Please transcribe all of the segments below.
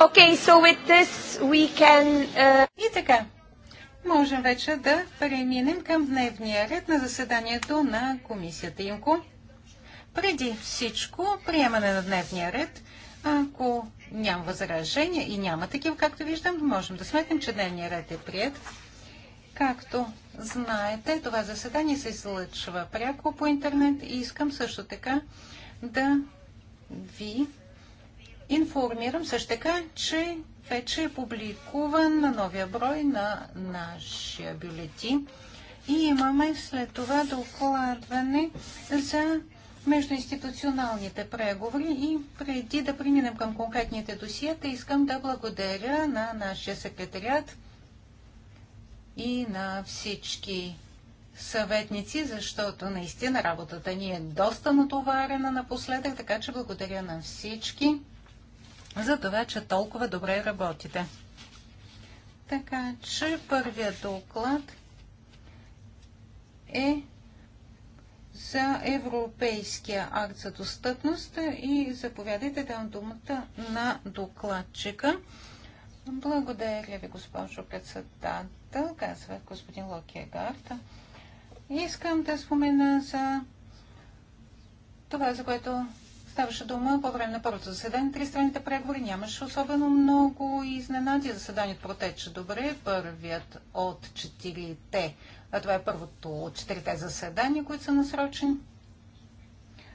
Okay, so with this we can... Uh... И така, можем вече да преминем към дневния ред на заседанието на комисията Имко. Преди всичко, приемане на дневния ред. Ако няма възражения и няма такива, както виждам, можем да сметнем, че дневния ред е прият. Както знаете, това заседание се излъчва пряко по интернет и искам също така да ви информирам също така, че вече е публикуван на новия брой на нашия бюлетин и имаме след това докладване за междуинституционалните преговори и преди да преминем към конкретните досиета, искам да благодаря на нашия секретариат и на всички съветници, защото наистина работата ни е доста натоварена напоследък, така че благодаря на всички за това, че толкова добре работите. Така че първият доклад е за Европейския акт за достъпност и заповядайте дам думата на докладчика. Благодаря ви, госпожо председател, казва господин Локия Гарта. Искам да спомена за това, за което Ставаше дума по време на първото заседание. Три страните преговори нямаше особено много изненади. Заседанието протече добре. Първият от четирите. А това е първото от четирите заседания, които са насрочени.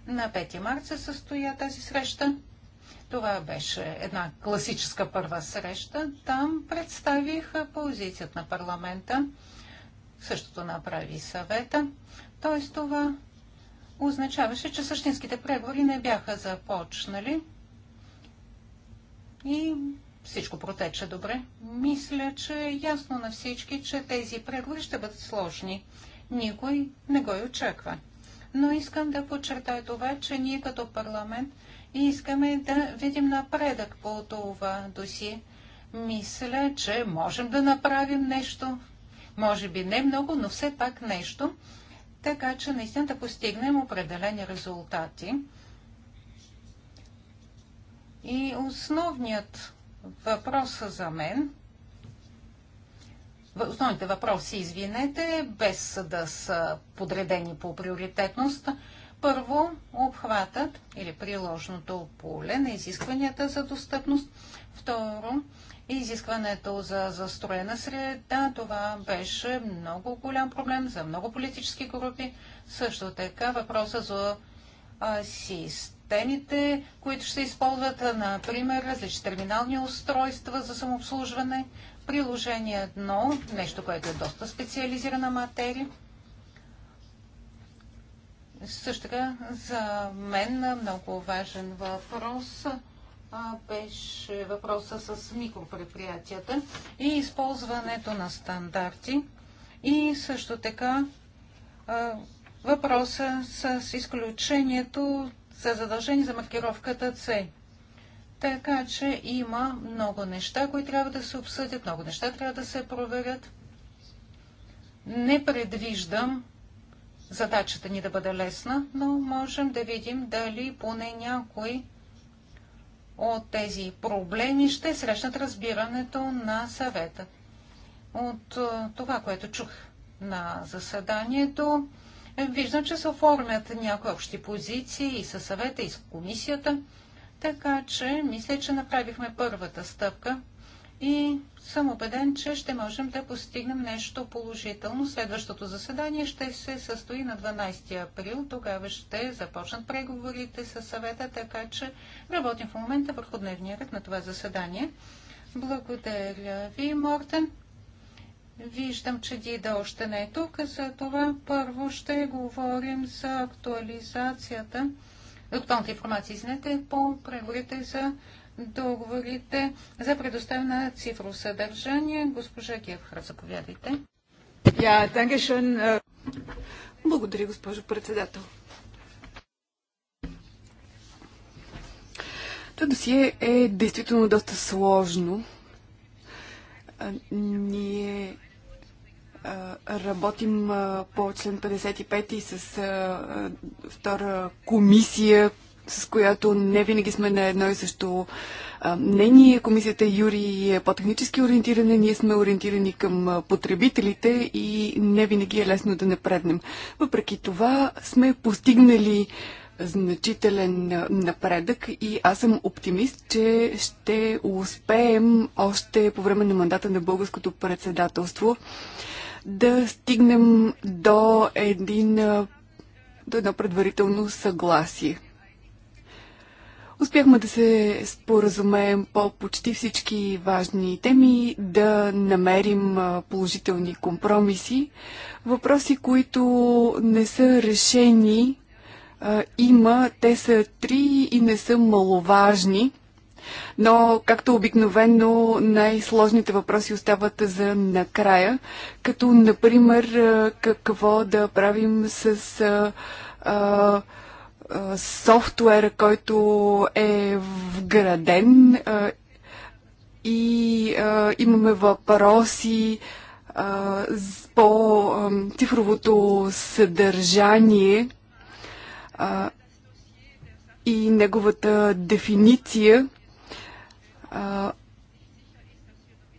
На 5 марта се състоя тази среща. Това беше една класическа първа среща. Там представих позицията на парламента. Същото направи съвета. Тоест това означаваше, че същинските преговори не бяха започнали и всичко протече добре. Мисля, че е ясно на всички, че тези преговори ще бъдат сложни. Никой не го и очаква. Но искам да подчертая това, че ние като парламент искаме да видим напредък по това досие. Мисля, че можем да направим нещо. Може би не много, но все пак нещо така че наистина да постигнем определени резултати. И основният въпрос за мен, основните въпроси, извинете, без да са подредени по приоритетност, първо обхватът или приложното поле на изискванията за достъпност, второ изискването за застроена среда. Това беше много голям проблем за много политически групи. Също така въпроса за системите, които ще използват, например, различни терминални устройства за самообслужване. Приложение 1, нещо, което е доста специализирана материя. Също така за мен много важен въпрос беше въпроса с микропредприятията и използването на стандарти и също така въпроса с изключението за задължение за маркировката C. Така че има много неща, които трябва да се обсъдят, много неща трябва да се проверят. Не предвиждам задачата ни да бъде лесна, но можем да видим дали поне някои от тези проблеми ще срещнат разбирането на съвета. От е, това, което чух на заседанието, виждам, че се оформят някои общи позиции и със съвета, и с комисията. Така че мисля, че направихме първата стъпка и съм убеден, че ще можем да постигнем нещо положително. Следващото заседание ще се състои на 12 април. Тогава ще започнат преговорите с съвета, така че работим в момента върху дневния ред на това заседание. Благодаря ви, Мортен. Виждам, че Дида още не е тук, за това първо ще говорим за актуализацията, актуалната информация, извинете, по преговорите за договорите за предоставяне на цифрово съдържание. Госпожа Гевхар, заповядайте. Yeah, äh, Благодаря, госпожо председател. Това досие е действително доста сложно. Ние работим по член 55 и с втора комисия, с която не винаги сме на едно и също мнение. Комисията Юри е по-технически ориентирана, ние сме ориентирани към потребителите и не винаги е лесно да напреднем. Въпреки това сме постигнали значителен напредък и аз съм оптимист, че ще успеем още по време на мандата на българското председателство да стигнем до един до едно предварително съгласие. Успяхме да се споразумеем по почти всички важни теми, да намерим положителни компромиси. Въпроси, които не са решени, има, те са три и не са маловажни. Но, както обикновено, най-сложните въпроси остават за накрая, като, например, какво да правим с софтуер, който е вграден и имаме въпроси по цифровото съдържание и неговата дефиниция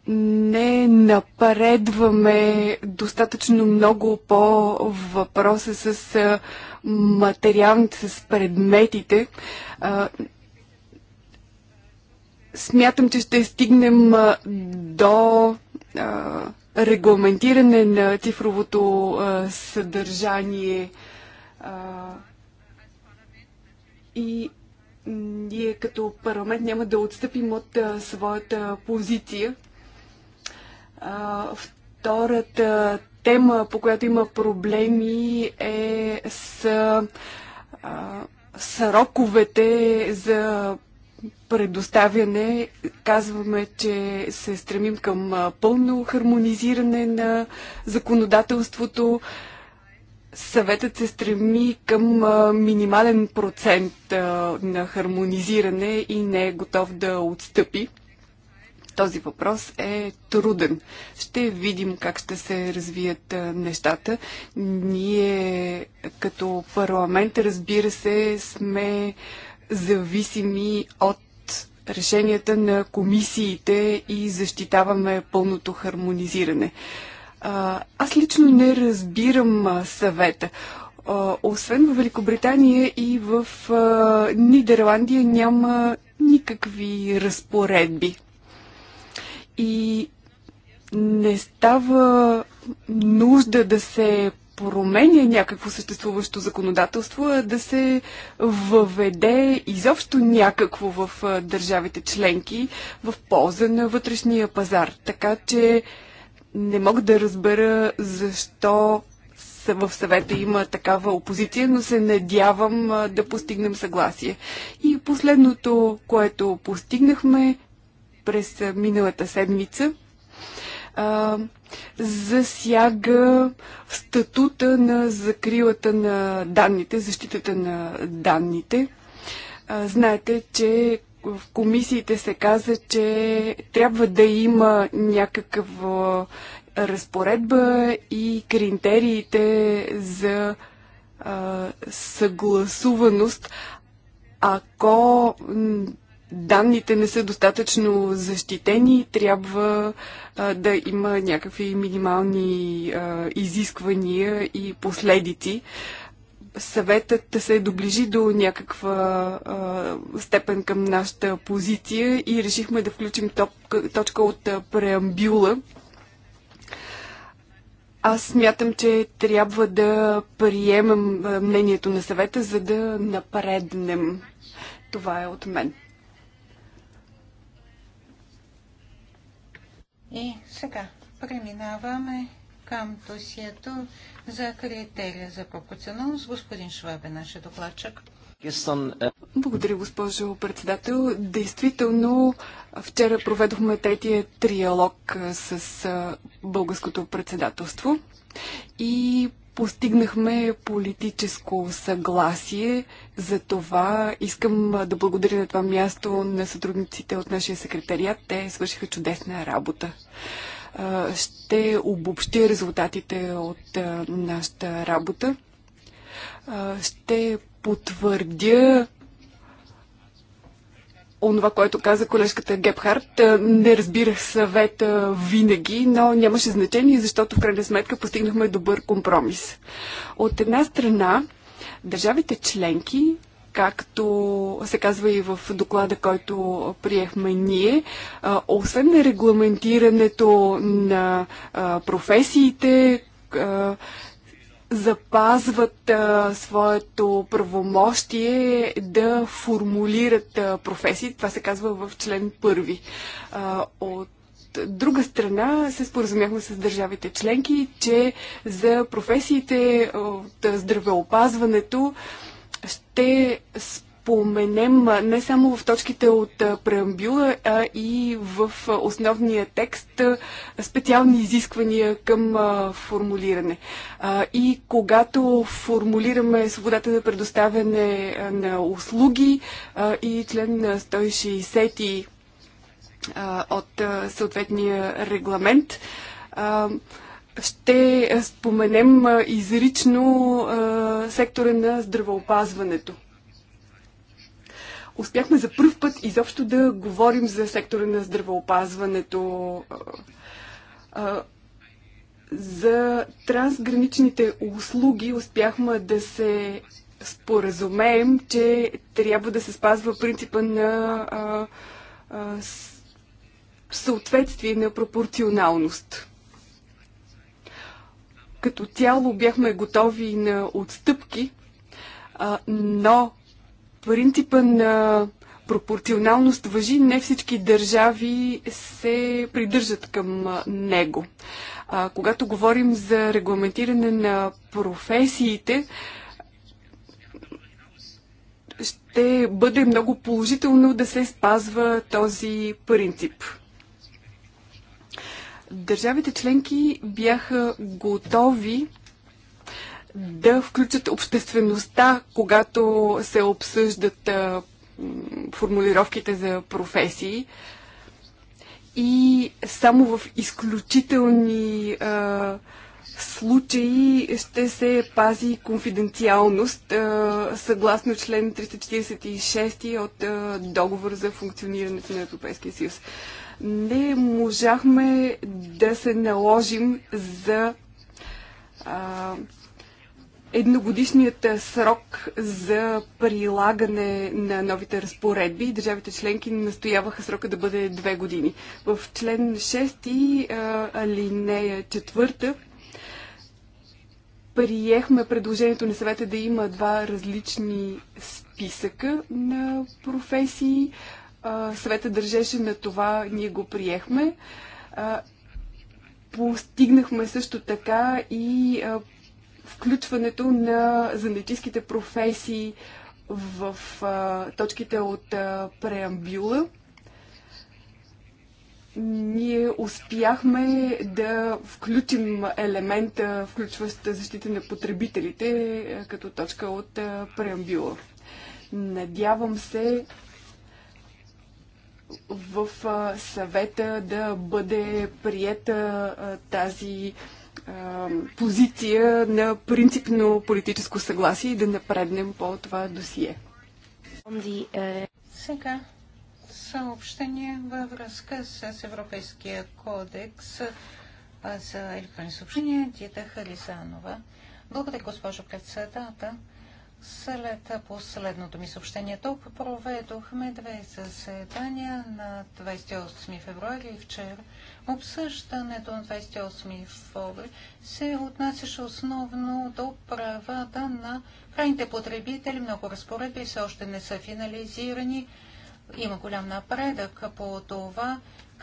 не напредваме достатъчно много по въпроса с материалните, с предметите. Смятам, че ще стигнем до регламентиране на цифровото съдържание и ние като парламент няма да отстъпим от своята позиция Втората тема, по която има проблеми е с сроковете за предоставяне. Казваме, че се стремим към пълно хармонизиране на законодателството. Съветът се стреми към минимален процент на хармонизиране и не е готов да отстъпи този въпрос е труден. Ще видим как ще се развият нещата. Ние като парламент, разбира се, сме зависими от решенията на комисиите и защитаваме пълното хармонизиране. Аз лично не разбирам съвета освен в Великобритания и в Нидерландия няма никакви разпоредби. И не става нужда да се променя някакво съществуващо законодателство, а да се въведе изобщо някакво в държавите членки в полза на вътрешния пазар. Така че не мога да разбера защо в съвета има такава опозиция, но се надявам да постигнем съгласие. И последното, което постигнахме, през миналата седмица, а, засяга статута на закрилата на данните, защитата на данните. А, знаете, че в комисиите се каза, че трябва да има някаква разпоредба и критериите за а, съгласуваност, ако данните не са достатъчно защитени, трябва а, да има някакви минимални а, изисквания и последици. Съветът се доближи до някаква а, степен към нашата позиция и решихме да включим топка, точка от преамбюла. Аз смятам, че трябва да приемем мнението на съвета, за да напреднем. Това е от мен. И сега преминаваме към досието за критерия за пропорционалност. Господин Швабе, нашия докладчик. Е, Благодаря, госпожо председател. Действително, вчера проведохме третия триалог е, с е, българското председателство и Постигнахме политическо съгласие, за това искам да благодаря на това място на сътрудниците от нашия секретариат. Те свършиха чудесна работа. Ще обобщя резултатите от нашата работа. Ще потвърдя онова, което каза колежката Гепхарт. Е, не разбирах съвета винаги, но нямаше значение, защото в крайна сметка постигнахме добър компромис. От една страна, държавите членки, както се казва и в доклада, който приехме ние, е, освен на регламентирането на е, професиите, запазват а, своето правомощие да формулират а, професии. Това се казва в член първи. А, от друга страна се споразумяхме с държавите членки, че за професиите от здравеопазването ще споменем не само в точките от преамбюла, а и в основния текст специални изисквания към формулиране. И когато формулираме свободата на предоставяне на услуги и член 160 от съответния регламент, ще споменем изрично сектора на здравеопазването успяхме за първ път изобщо да говорим за сектора на здравеопазването, за трансграничните услуги успяхме да се споразумеем, че трябва да се спазва принципа на съответствие на пропорционалност. Като цяло бяхме готови на отстъпки, но принципа на пропорционалност въжи, не всички държави се придържат към него. А, когато говорим за регламентиране на професиите, ще бъде много положително да се спазва този принцип. Държавите членки бяха готови да включат обществеността, когато се обсъждат формулировките за професии и само в изключителни а, случаи ще се пази конфиденциалност а, съгласно член 346 от а, договор за функционирането на Европейския съюз. Не можахме да се наложим за а, едногодишният срок за прилагане на новите разпоредби. Държавите членки настояваха срока да бъде две години. В член 6, алинея 4, приехме предложението на съвета да има два различни списъка на професии. Съвета държеше на това, ние го приехме постигнахме също така и включването на занаятчийските професии в а, точките от а, преамбюла. Ние успяхме да включим елемента, включващ защита на потребителите, като точка от а, преамбюла. Надявам се в съвета да бъде приета тази позиция на принципно политическо съгласие и да напреднем по това досие. Сега съобщение във връзка с Европейския кодекс за електронни съобщения Дита Харизанова. Благодаря, госпожо председател. След последното ми съобщение тук проведохме две заседания на 28 февруари и вчера. Обсъждането на 28 февруари се отнасяше основно до правата на крайните потребители. Много разпоредби все още не са финализирани. Има голям напредък по това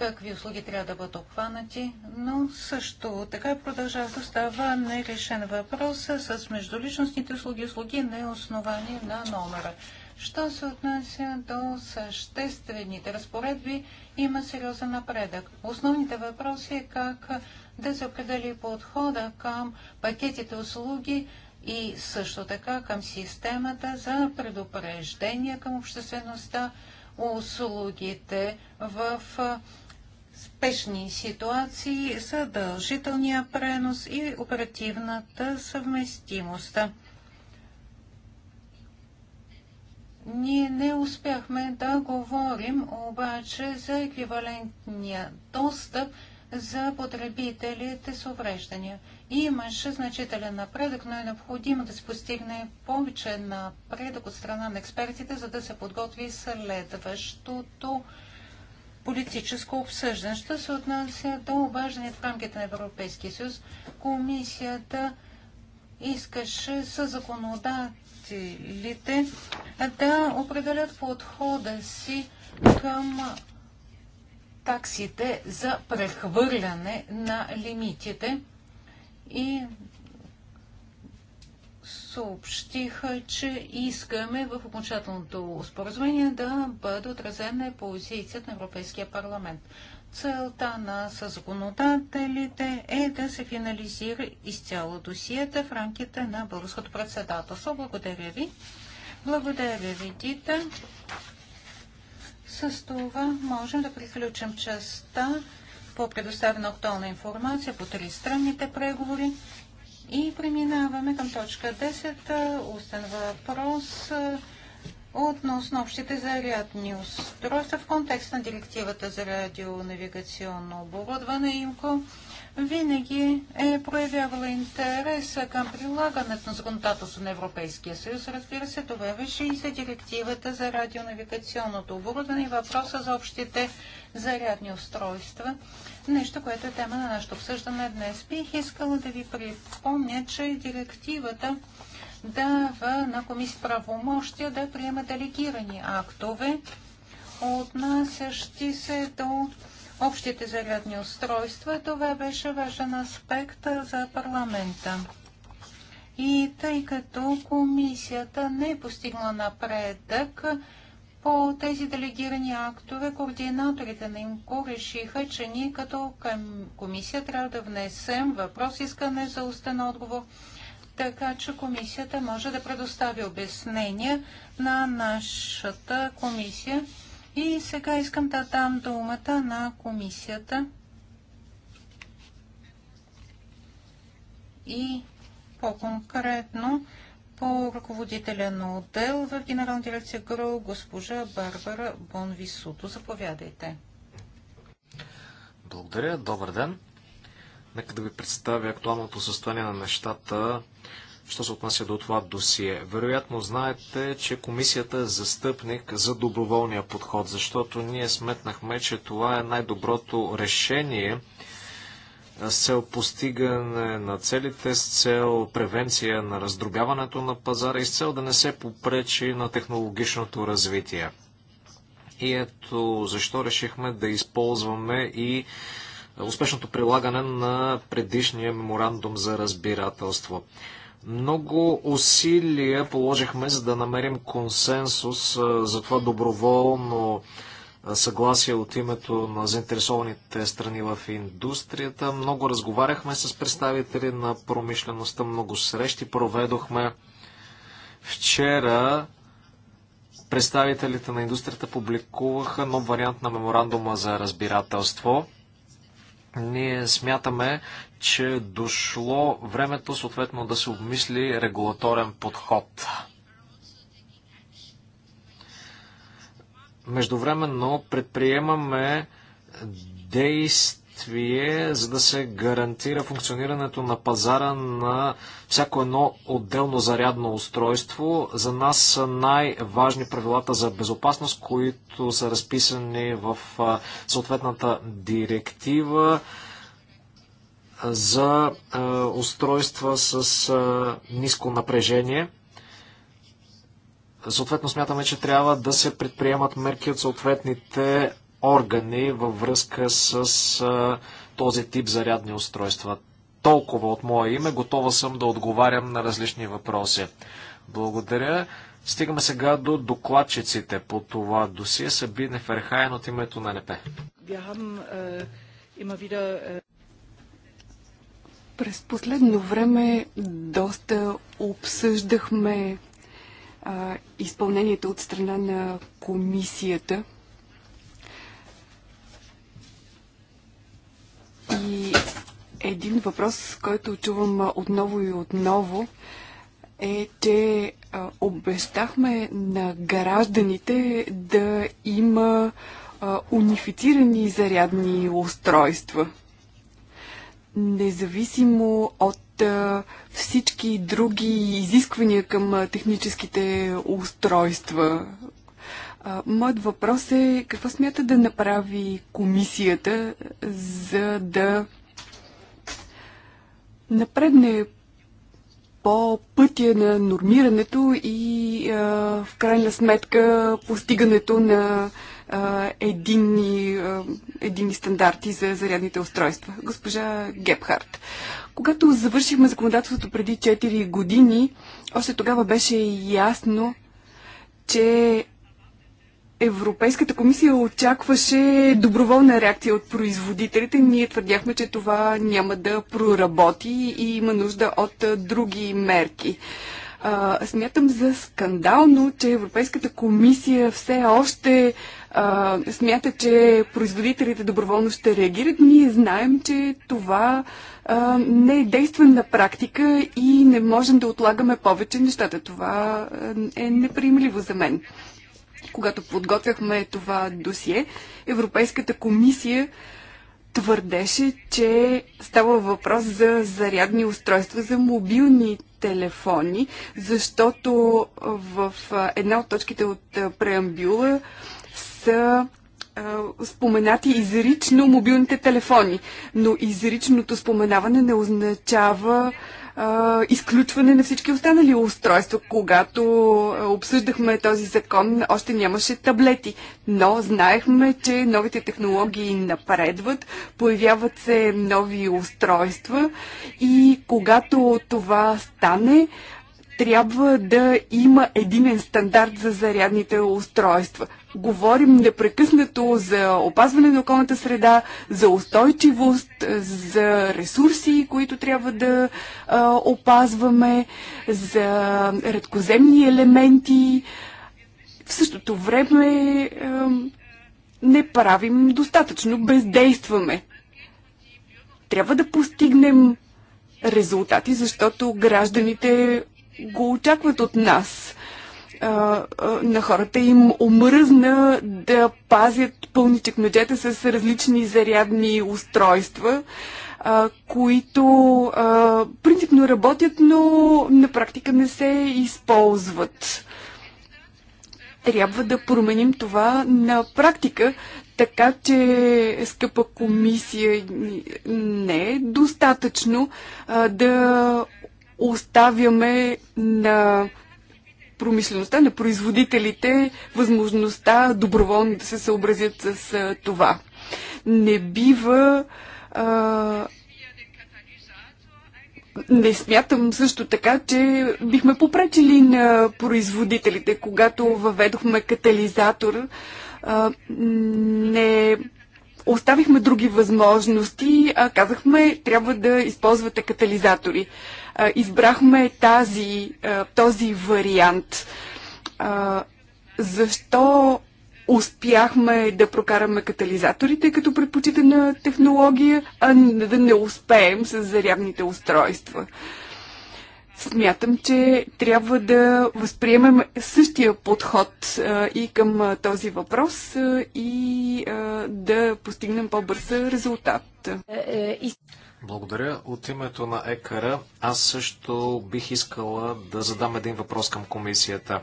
какви услуги трябва да бъдат обхванати, но също така продължава да става нерешен въпрос с междуличностните услуги, услуги не основание на номера. Що се отнася до съществените разпоредби, има сериозен напредък. Основните въпроси е как да се определи подхода към пакетите услуги и също така към системата за предупреждение към обществеността, услугите в спешни ситуации, съдължителния пренос и оперативната съвместимост. Ние не успяхме да говорим обаче за еквивалентния достъп за потребителите с увреждания. Имаше значителен напредък, но е необходимо да се постигне повече напредък от страна на експертите, за да се подготви следващото политическо обсъждане. Що се отнася до обаждане в рамките на Европейския съюз, комисията искаше с законодателите да определят подхода си към таксите за прехвърляне на лимитите и съобщиха, че искаме в окончателното споразумение да бъде отразена позицията на Европейския парламент. Целта на законодателите е да се финализира изцяло досията в рамките на българското председателство. Благодаря ви. Благодаря ви, Дита. С това можем да приключим частта по предоставена актуална информация по тристранните преговори. И преминаваме към точка 10. Устен въпрос относно общите зарядни устройства в контекст на директивата за радионавигационно оборудване ИМКО винаги е проявявала интерес към прилагането на законодателство на Европейския съюз. Разбира се, това беше и за директивата за радионавигационното оборудване и въпроса за общите зарядни устройства нещо, което е тема на нашето обсъждане днес. Бих искала да ви припомня, че директивата дава на комисия правомощия да приема делегирани актове, отнасящи се до общите зарядни устройства. Това беше важен аспект за парламента. И тъй като комисията не е постигнала напредък, по тези делегирани актове координаторите на ИМКО решиха, че ние като комисия трябва да внесем въпрос искане за устен отговор, така че комисията може да предостави обяснения на нашата комисия. И сега искам да дам думата на комисията. И по-конкретно по ръководителя на отдел в Генерална дирекция ГРО, госпожа Барбара Бонвисуто. Заповядайте. Благодаря. Добър ден. Нека да ви представя актуалното състояние на нещата, що се отнася до това досие. Вероятно знаете, че комисията е застъпник за доброволния подход, защото ние сметнахме, че това е най-доброто решение с цел постигане на целите, с цел превенция на раздробяването на пазара и с цел да не се попречи на технологичното развитие. И ето защо решихме да използваме и успешното прилагане на предишния меморандум за разбирателство. Много усилия положихме, за да намерим консенсус за това доброволно съгласие от името на заинтересованите страни в индустрията. Много разговаряхме с представители на промишлеността, много срещи проведохме. Вчера представителите на индустрията публикуваха нов вариант на меморандума за разбирателство. Ние смятаме, че дошло времето съответно да се обмисли регулаторен подход Междувременно предприемаме действие, за да се гарантира функционирането на пазара на всяко едно отделно зарядно устройство. За нас са най-важни правилата за безопасност, които са разписани в съответната директива за устройства с ниско напрежение – Съответно смятаме, че трябва да се предприемат мерки от съответните органи във връзка с а, този тип зарядни устройства. Толкова от мое име, готова съм да отговарям на различни въпроси. Благодаря. Стигаме сега до докладчиците по това досие. Сабине Ферхайен от името на НП. Э, э, През последно време доста обсъждахме а, изпълнението от страна на комисията. И един въпрос, който чувам отново и отново, е, че а, обещахме на гражданите да има а, унифицирани зарядни устройства. Независимо от всички други изисквания към техническите устройства. Моят въпрос е какво смята да направи комисията, за да напредне по пътя на нормирането и а, в крайна сметка постигането на а, единни, единни стандарти за зарядните устройства. Госпожа Гепхарт. Когато завършихме законодателството преди 4 години, още тогава беше ясно, че Европейската комисия очакваше доброволна реакция от производителите. Ние твърдяхме, че това няма да проработи и има нужда от други мерки. А, смятам за скандално, че Европейската комисия все още а, смята, че производителите доброволно ще реагират. Ние знаем, че това не е действен на практика и не можем да отлагаме повече нещата. Това е неприемливо за мен. Когато подготвяхме това досие, Европейската комисия твърдеше, че става въпрос за зарядни устройства за мобилни телефони, защото в една от точките от преамбюла са споменати изрично мобилните телефони, но изричното споменаване не означава а, изключване на всички останали устройства. Когато обсъждахме този закон, още нямаше таблети, но знаехме, че новите технологии напредват, появяват се нови устройства и когато това стане, трябва да има единен стандарт за зарядните устройства говорим непрекъснато за опазване на околната среда, за устойчивост, за ресурси, които трябва да а, опазваме, за редкоземни елементи. В същото време а, не правим достатъчно, бездействаме. Трябва да постигнем резултати, защото гражданите го очакват от нас а, на хората им омръзна да пазят пълните чекмеджета с различни зарядни устройства, а, които а, принципно работят, но на практика не се използват. Трябва да променим това на практика, така че, скъпа комисия, не е достатъчно а, да оставяме на промишлеността, на производителите възможността доброволно да се съобразят с а, това. Не бива. А, не смятам също така, че бихме попречили на производителите, когато въведохме катализатор. А, не оставихме други възможности, а казахме, трябва да използвате катализатори избрахме тази, този вариант. Защо успяхме да прокараме катализаторите като предпочитана технология, а да не успеем с зарядните устройства? Смятам, че трябва да възприемем същия подход а, и към а, този въпрос а, и да постигнем по-бърз резултат. Е, е, благодаря. От името на ЕКР аз също бих искала да задам един въпрос към комисията.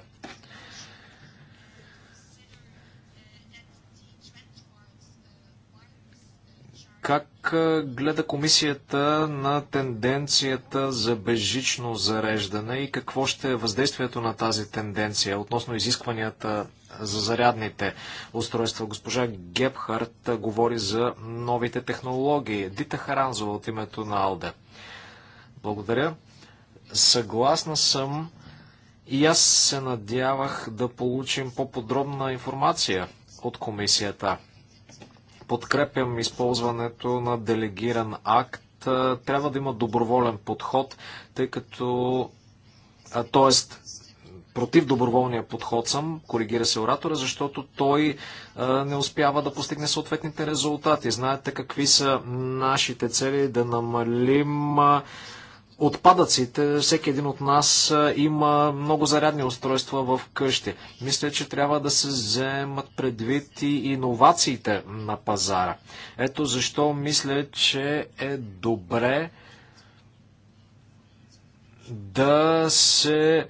Как гледа комисията на тенденцията за безжично зареждане и какво ще е въздействието на тази тенденция относно изискванията за зарядните устройства. Госпожа Гепхарт говори за новите технологии. Дита Харанзова от името на Алде. Благодаря. Съгласна съм и аз се надявах да получим по-подробна информация от комисията. Подкрепям използването на делегиран акт. Трябва да има доброволен подход, тъй като т.е против доброволния подход съм, коригира се оратора, защото той а, е, не успява да постигне съответните резултати. Знаете какви са нашите цели да намалим а, е, отпадъците. Всеки един от нас а, е, има много зарядни устройства в къщи. Мисля, че трябва да се вземат предвид и иновациите на пазара. Ето защо мисля, че е добре да се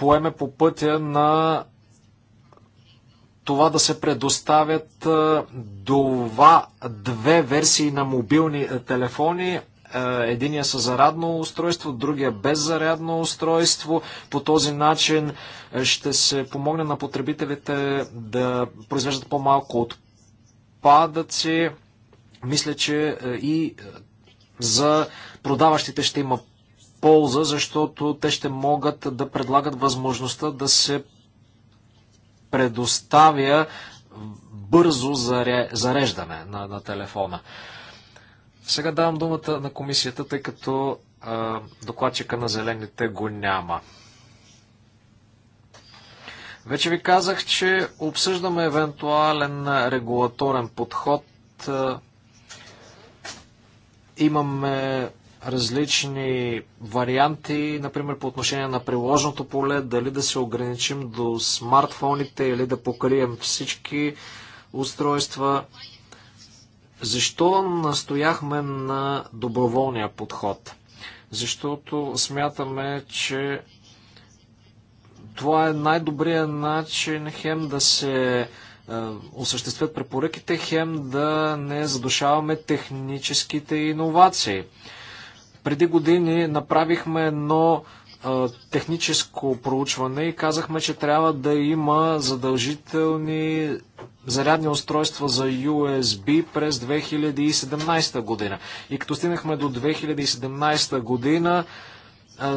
поеме по пътя на това да се предоставят това две версии на мобилни телефони. Единия с зарядно устройство, другия без зарядно устройство. По този начин ще се помогне на потребителите да произвеждат по-малко отпадъци. Мисля, че и за продаващите ще има полза, защото те ще могат да предлагат възможността да се предоставя бързо зареждане на, на телефона. Сега давам думата на комисията, тъй като а, докладчика на зелените го няма. Вече ви казах, че обсъждаме евентуален регулаторен подход. Имаме различни варианти, например по отношение на приложното поле, дали да се ограничим до смартфоните или да покрием всички устройства. Защо настояхме на доброволния подход? Защото смятаме, че това е най-добрият начин хем да се е, осъществят препоръките, хем да не задушаваме техническите иновации. Преди години направихме едно техническо проучване и казахме, че трябва да има задължителни зарядни устройства за USB през 2017 година. И като стигнахме до 2017 година,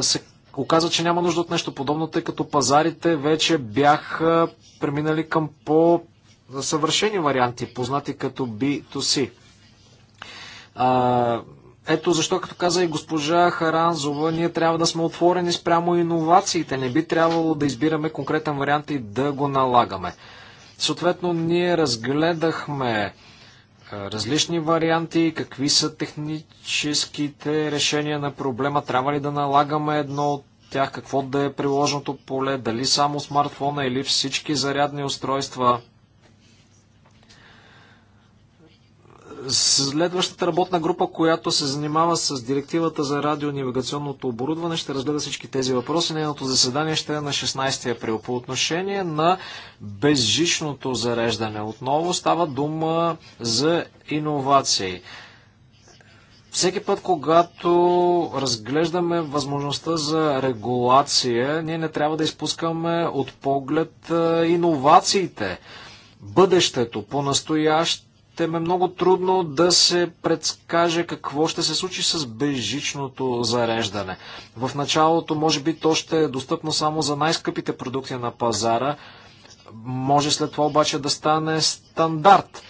се оказа, че няма нужда от нещо подобно, тъй като пазарите вече бяха преминали към по-съвършени варианти, познати като B2C. Ето защо, като каза и госпожа Харанзова, ние трябва да сме отворени спрямо иновациите. Не би трябвало да избираме конкретен вариант и да го налагаме. Съответно, ние разгледахме е, различни варианти, какви са техническите решения на проблема, трябва ли да налагаме едно от тях, какво да е приложното поле, дали само смартфона или всички зарядни устройства – Следващата работна група, която се занимава с директивата за радионавигационното оборудване, ще разгледа всички тези въпроси. Нейното заседание ще е на 16 април. По отношение на безжичното зареждане, отново става дума за иновации. Всеки път, когато разглеждаме възможността за регулация, ние не трябва да изпускаме от поглед иновациите бъдещето, по-настоящ ще ме много трудно да се предскаже какво ще се случи с бежичното зареждане. В началото, може би, то ще е достъпно само за най-скъпите продукти на пазара. Може след това обаче да стане стандарт.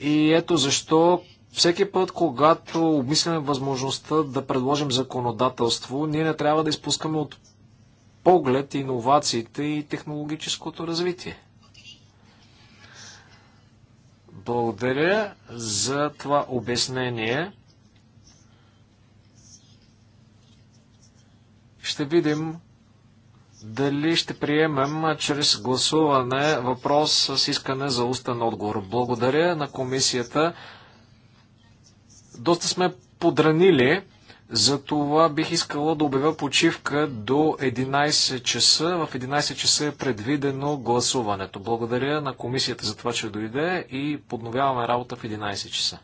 И ето защо всеки път, когато обмисляме възможността да предложим законодателство, ние не трябва да изпускаме от поглед иновациите и технологическото развитие. Благодаря за това обяснение. Ще видим дали ще приемем чрез гласуване въпрос с искане за устен отговор. Благодаря на комисията. Доста сме подранили затова бих искала да обявя почивка до 11 часа. В 11 часа е предвидено гласуването. Благодаря на комисията за това, че дойде и подновяваме работа в 11 часа.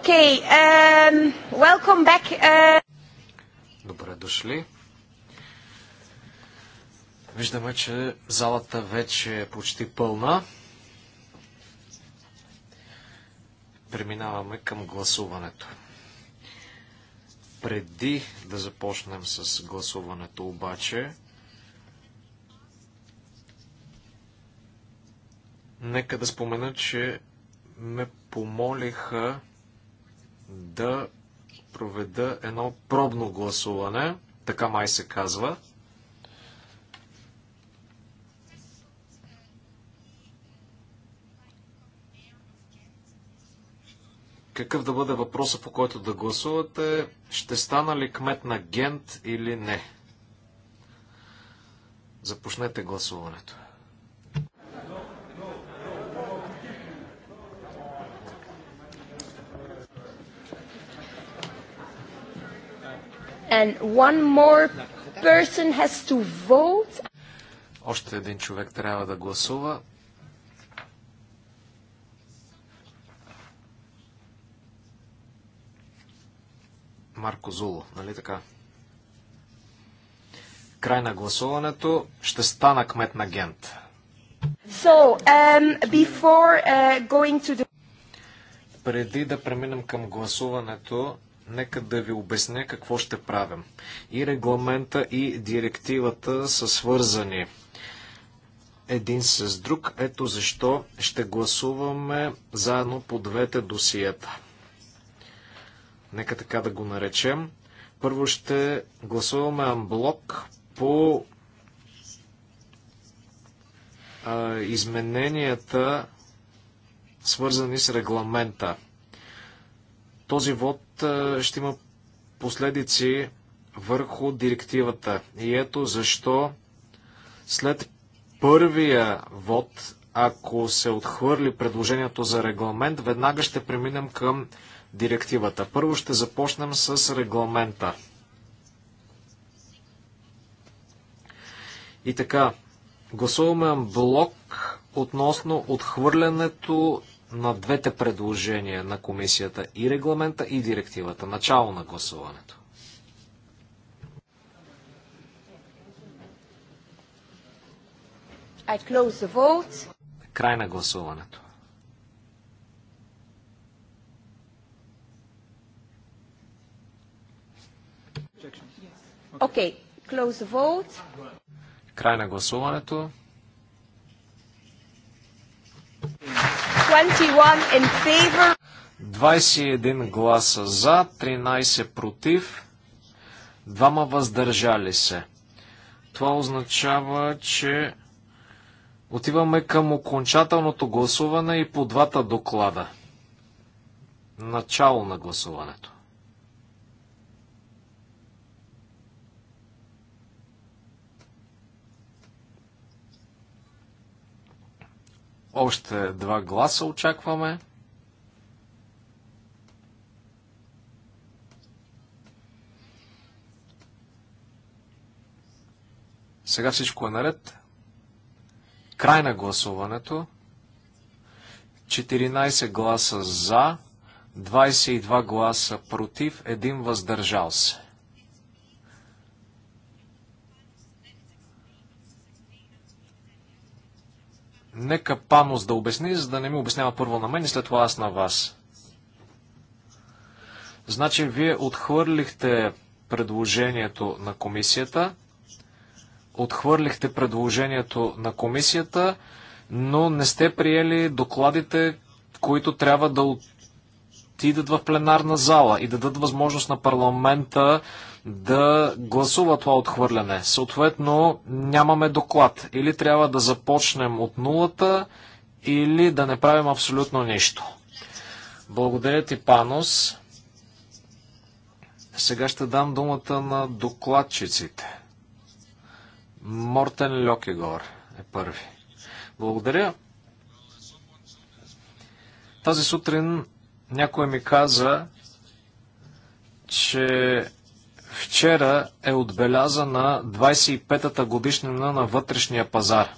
Okay, um, welcome back. Uh... Добре дошли. Виждаме, че залата вече е почти пълна. Преминаваме към гласуването. Преди да започнем с гласуването обаче, нека да спомена, че ме помолиха да проведа едно пробно гласуване, така май се казва. Какъв да бъде въпроса, по който да гласувате? Ще стана ли кмет на Гент или не? Започнете гласуването. And one more person has to vote. Още един човек трябва да гласува. Марко Зуло, нали така? Край на гласуването ще стана кмет на Гент. So, um, before, uh, going to the... Преди да преминем към гласуването, Нека да ви обясня какво ще правим. И регламента, и директивата са свързани един с друг. Ето защо ще гласуваме заедно по двете досиета. Нека така да го наречем. Първо ще гласуваме амблок по а, измененията, свързани с регламента. Този вод ще има последици върху директивата. И ето защо след първия вод, ако се отхвърли предложението за регламент, веднага ще преминем към директивата. Първо ще започнем с регламента. И така, гласуваме блок относно отхвърлянето на двете предложения на комисията и регламента и директивата. Начало на гласуването. Край на гласуването. Okay, close the vote. Край на гласуването. 21 гласа за, 13 против, 2 въздържали се. Това означава, че отиваме към окончателното гласуване и по двата доклада. Начало на гласуването. Още два гласа очакваме. Сега всичко е наред. Край на гласуването. 14 гласа за, 22 гласа против, 1 въздържал се. Нека Панос да обясни, за да не ми обяснява първо на мен и след това аз на вас. Значи, вие отхвърлихте предложението на комисията, отхвърлихте предложението на комисията, но не сте приели докладите, които трябва да отидат в пленарна зала и дадат възможност на парламента да гласува това отхвърляне. Съответно, нямаме доклад. Или трябва да започнем от нулата, или да не правим абсолютно нищо. Благодаря ти, Панос. Сега ще дам думата на докладчиците. Мортен Льокегор е първи. Благодаря. Тази сутрин някой ми каза, че вчера е отбелязана 25-та годишнина на вътрешния пазар.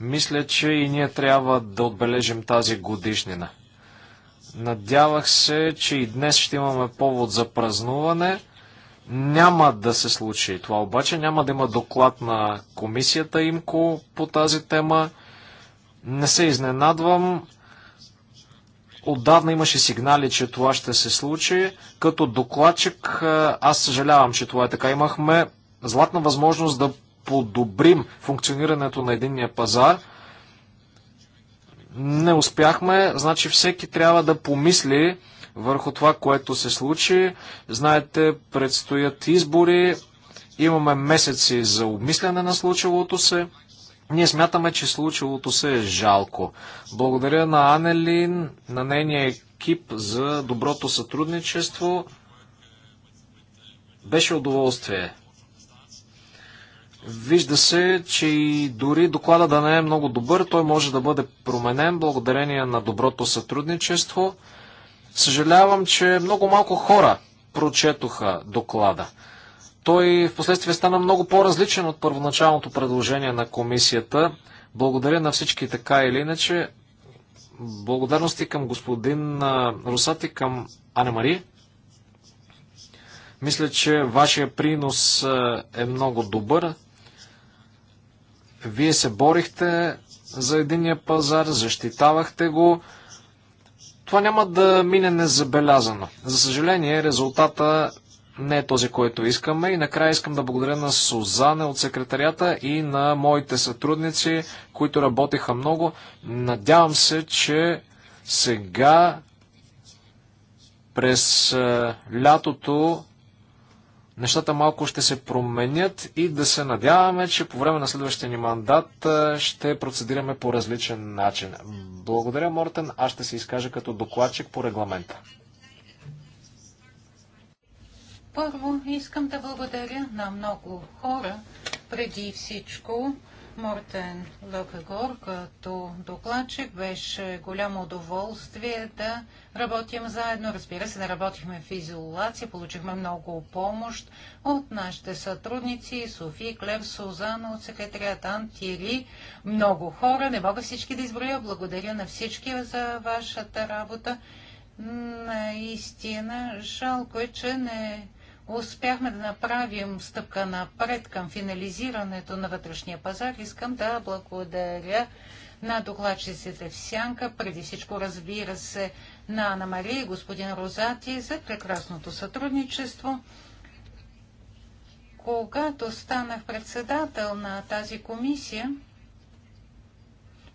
Мисля, че и ние трябва да отбележим тази годишнина. Надявах се, че и днес ще имаме повод за празнуване. Няма да се случи това обаче. Няма да има доклад на комисията ИМКО по тази тема. Не се изненадвам. Отдавна имаше сигнали, че това ще се случи. Като докладчик, аз съжалявам, че това е така. Имахме златна възможност да подобрим функционирането на единния пазар. Не успяхме, значи всеки трябва да помисли върху това, което се случи. Знаете, предстоят избори, имаме месеци за обмисляне на случилото се. Ние смятаме, че случилото се е жалко. Благодаря на Анелин, на нейния екип за доброто сътрудничество. Беше удоволствие. Вижда се, че и дори доклада да не е много добър, той може да бъде променен благодарение на доброто сътрудничество. Съжалявам, че много малко хора прочетоха доклада. Той в последствие стана много по-различен от първоначалното предложение на комисията. Благодаря на всички така или иначе. Благодарности към господин Русати, към Мари. Мисля, че вашия принос е много добър. Вие се борихте за единия пазар, защитавахте го. Това няма да мине незабелязано. За съжаление, резултата не е този, който искаме. И накрая искам да благодаря на Сузане от секретарията и на моите сътрудници, които работиха много. Надявам се, че сега през е, лятото нещата малко ще се променят и да се надяваме, че по време на следващия ни мандат е, ще процедираме по различен начин. Благодаря, Мортен. Аз ще се изкажа като докладчик по регламента. Първо искам да благодаря на много хора, преди всичко Мортен Лъкагор като докладчик. Беше голямо удоволствие да работим заедно. Разбира се, не работихме в изолация, получихме много помощ от нашите сътрудници Софи, Клев, Сузана от секретарият Антири. Много хора, не мога всички да изброя. Благодаря на всички за вашата работа. Наистина, жалко е, че не успяхме да направим стъпка напред към финализирането на вътрешния пазар. Искам да благодаря на докладчиците в Сянка, преди всичко разбира се на Ана Мария и господин Розати за прекрасното сътрудничество. Когато станах председател на тази комисия,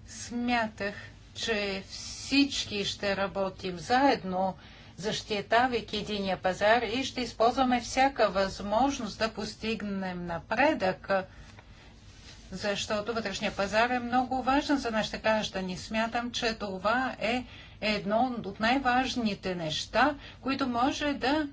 смятах, че всички ще работим заедно защитавайки единия пазар и ще използваме всяка възможност да постигнем напредък, защото вътрешния пазар е много важен за нашите граждани. Смятам, че това е едно от най-важните неща, които може да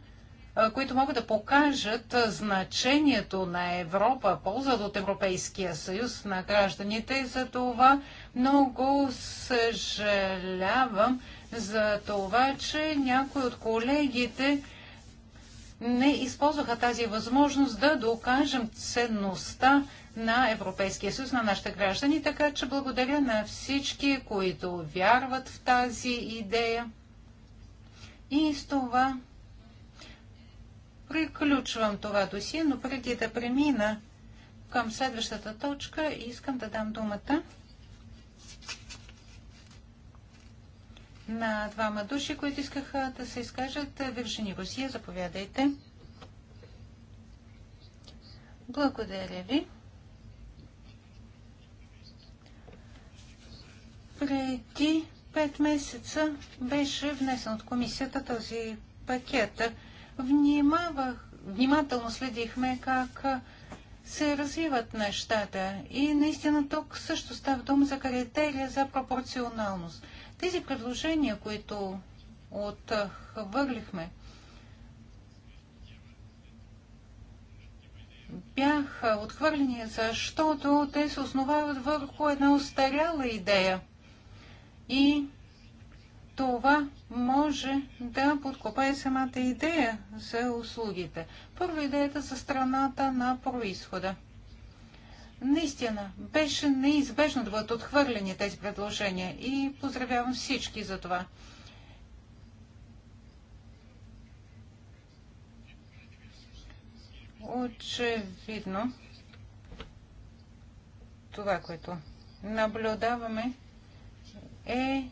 които могат да покажат значението на Европа, ползата от Европейския съюз на гражданите. И За това много съжалявам, за това, че някои от колегите не използваха тази възможност да докажем ценността на Европейския съюз, на нашите граждани, така че благодаря на всички, които вярват в тази идея. И с това приключвам това досие, но преди да премина към следващата точка, искам да дам думата на двама души, които искаха да се изкажат. Виржини Русия, заповядайте. Благодаря ви. Преди пет месеца беше внесен от комисията този пакет. Внимавах, внимателно следихме как се развиват нещата. И наистина тук също става дума за критерия за пропорционалност. Тези предложения, които отхвърлихме, бяха отхвърлени, защото те се основават върху една устаряла идея. И това може да подкопае самата идея за услугите. Първо идеята за страната на происхода. Наистина, беше неизбежно да бъдат отхвърлени тези предложения и поздравявам всички за това. Очевидно, това, което наблюдаваме, е,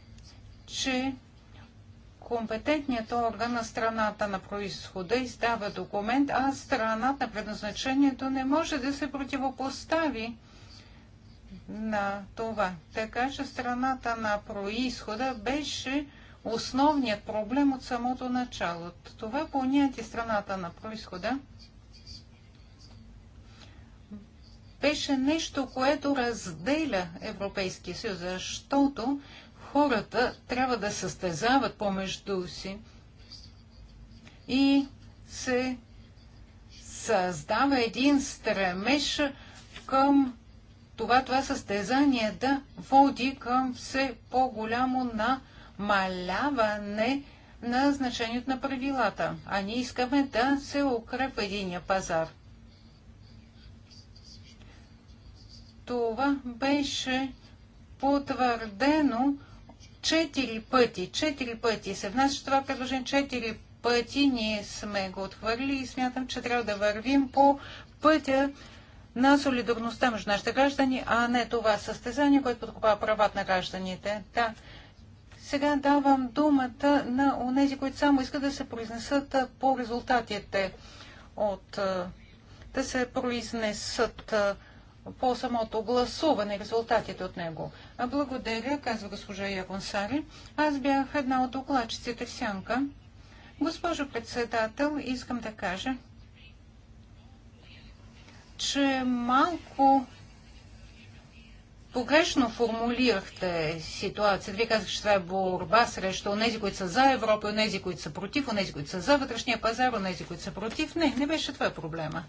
че компетентният орган на страната на происхода издава документ, а страната на предназначението не може да се противопостави на това. Така че страната на происхода беше основният проблем от самото начало. Това понятие страната на происхода беше нещо, което разделя Европейския съюз, защото хората трябва да състезават помежду си и се създава един стремеж към това, това състезание да води към все по-голямо намаляване на значението на правилата. А ние искаме да се укрепва единия пазар. Това беше потвърдено четири пъти, четири пъти се внася това предложение, четири пъти ние сме го отхвърли и смятам, че трябва да вървим по пътя на солидарността между нашите граждани, а не това състезание, което подкопава правата на гражданите. Да. Сега давам думата на онези, които само искат да се произнесат по резултатите от да се произнесат по самото гласуване резултатите от него. Благодаря, казва госпожа Яконсари. Аз бях една от докладчиците в сянка. Госпожо председател, искам да кажа, че малко погрешно формулирахте ситуацията. Вие казахте, че това е борба срещу онези, които са за Европа, онези, които са против, онези, които са за вътрешния пазар, онези, които са против. Не, не беше това проблема.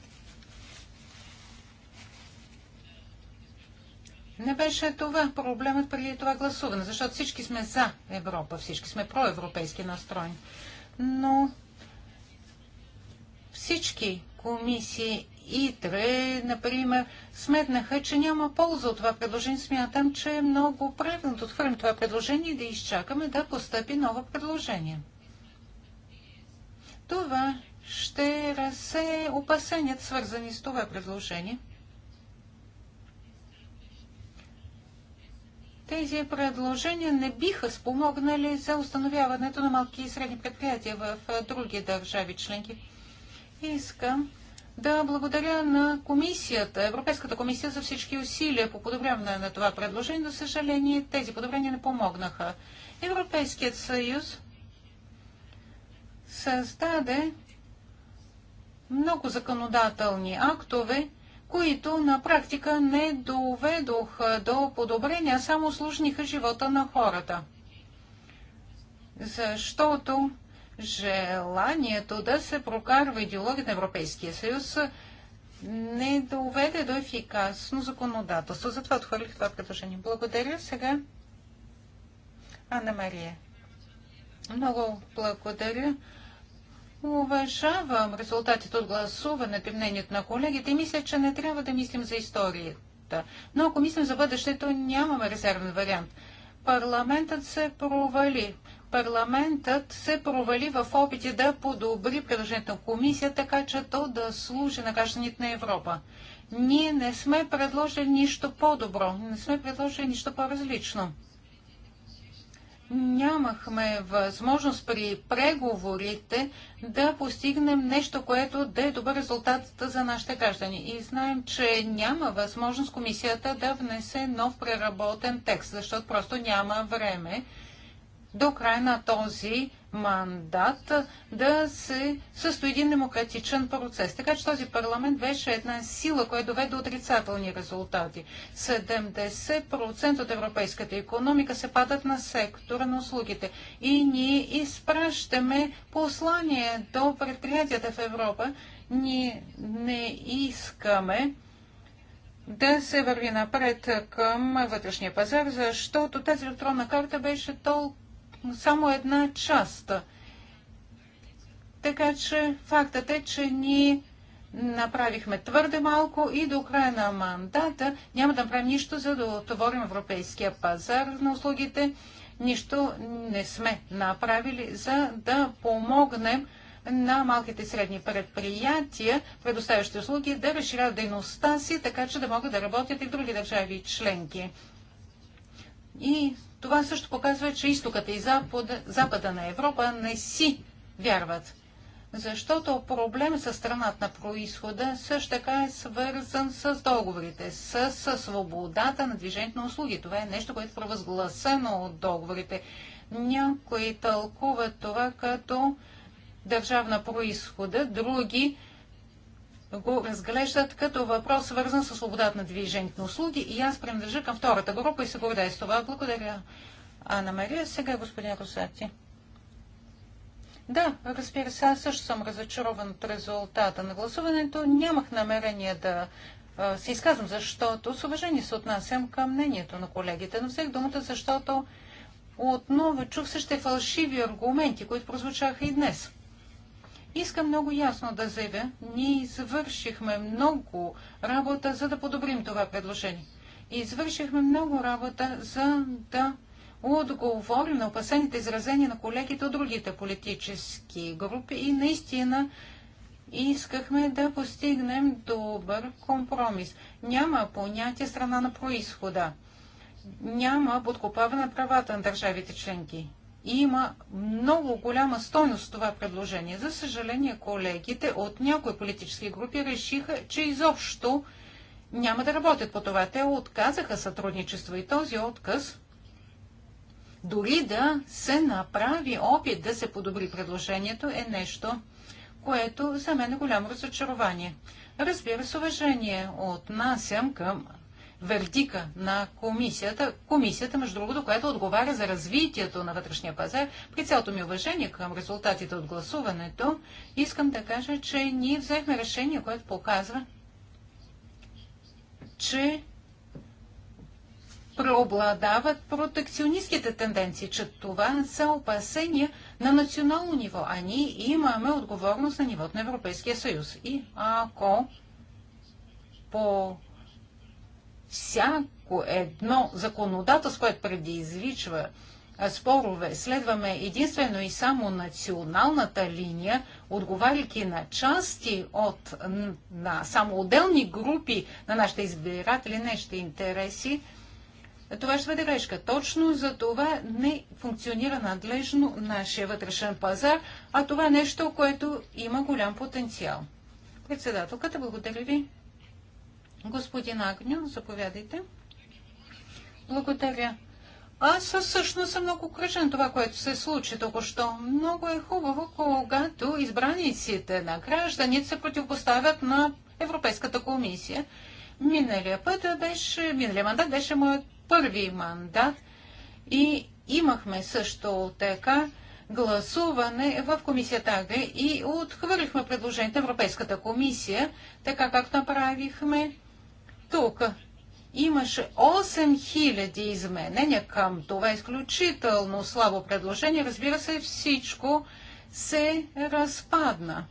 не беше това проблемът преди това гласуване, защото всички сме за Европа, всички сме проевропейски настроени. Но всички комисии ИТРЕ, например, сметнаха, че няма полза от това предложение. Смятам, че е много правилно да отхвърлим това предложение и да изчакаме да постъпи ново предложение. Това ще разсее опасенията, свързани с това предложение. тези предложения не биха спомогнали за установяването на малки и средни предприятия в други държави членки. Искам да благодаря на комисията, Европейската комисия за всички усилия по подобряване на това предложение. За съжаление, тези подобрения не помогнаха. Европейският съюз създаде много законодателни актове, които на практика не доведоха до подобрения, само служниха живота на хората. Защото желанието да се прокарва идеология на Европейския съюз не доведе до ефикасно законодателство. Затова отхвърлих това предложение. Благодаря. Сега Анна Мария. Много благодаря уважавам резултатите от гласуването и мнението на колегите и мисля, че не трябва да мислим за историята. Но ако мислим за бъдещето, нямаме резервен вариант. Парламентът се провали. Парламентът се провали в опити да подобри предложението на комисия, така че то да служи на гражданите на Европа. Ние не сме предложили нищо по-добро, не сме предложили нищо по-различно нямахме възможност при преговорите да постигнем нещо, което да е добър резултат за нашите граждани. И знаем, че няма възможност комисията да внесе нов преработен текст, защото просто няма време до края на този мандат да се състои един демократичен процес. Така че този парламент беше една сила, която доведе до отрицателни резултати. 70% от европейската економика се падат на сектора на услугите. И ние изпращаме послание до предприятията в Европа. Ние не искаме да се върви напред към вътрешния пазар, защото тази електронна карта беше толкова само една част. Така че фактът е, че ние направихме твърде малко и до края на мандата няма да направим нищо, за да отворим европейския пазар на услугите. Нищо не сме направили, за да помогнем на малките и средни предприятия, предоставящи услуги, да разширяват дейността си, така че да могат да работят и в други държави членки. И това също показва, че изтоката и запада, запада на Европа не си вярват. Защото проблем с страната на происхода също така е свързан с договорите, с, с свободата на движението на услуги. Това е нещо, което е провъзгласено от договорите. Някои тълкуват това като държавна происхода, други го разглеждат като въпрос, свързан с свободата на движението на услуги. И аз принадлежа към втората група и се гордея с това. Благодаря, Анна Мария. Сега е господин Русати. Да, разбира се, аз също съм разочарован от резултата на гласуването. Нямах намерение да се изказвам, защото с уважение се отнасям към мнението на колегите, но взех думата, защото отново чух същите фалшиви аргументи, които прозвучаха и днес. Искам много ясно да заявя, ние извършихме много работа, за да подобрим това предложение. И извършихме много работа, за да отговорим на опасените изразения на колегите от другите политически групи и наистина искахме да постигнем добър компромис. Няма понятие страна на происхода. Няма подкопаване на правата на държавите членки. И има много голяма стойност това предложение. За съжаление, колегите от някои политически групи решиха, че изобщо няма да работят по това. Те отказаха сътрудничество и този отказ дори да се направи опит да се подобри предложението е нещо, което за мен е голямо разочарование. Разбира се, уважение отнасям към вердика на комисията. Комисията, между другото, която отговаря за развитието на вътрешния пазар. При цялото ми уважение към резултатите от гласуването, искам да кажа, че ние взехме решение, което показва, че преобладават протекционистските тенденции, че това са опасения на национално ниво, а ние имаме отговорност на нивото на Европейския съюз. И ако по всяко едно законодателство, което предизвичва спорове, следваме единствено и само националната линия, отговаряйки на части от на само отделни групи на нашите избиратели, нашите интереси, това ще бъде грешка. Точно за това не функционира надлежно нашия вътрешен пазар, а това е нещо, което има голям потенциал. Председателката, благодаря ви. Господин Агню, заповядайте. Благодаря. Аз всъщност съм много кръжен това, което се случи току-що. Много е хубаво, когато избраниците на гражданите се противопоставят на Европейската комисия. Миналия път беше, миналия мандат беше моят първи мандат и имахме също така гласуване в комисията АГРИ и отхвърлихме предложението на Европейската комисия, така както направихме тук имаше 8000 изменения към това изключително слабо предложение. Разбира се, всичко се разпадна.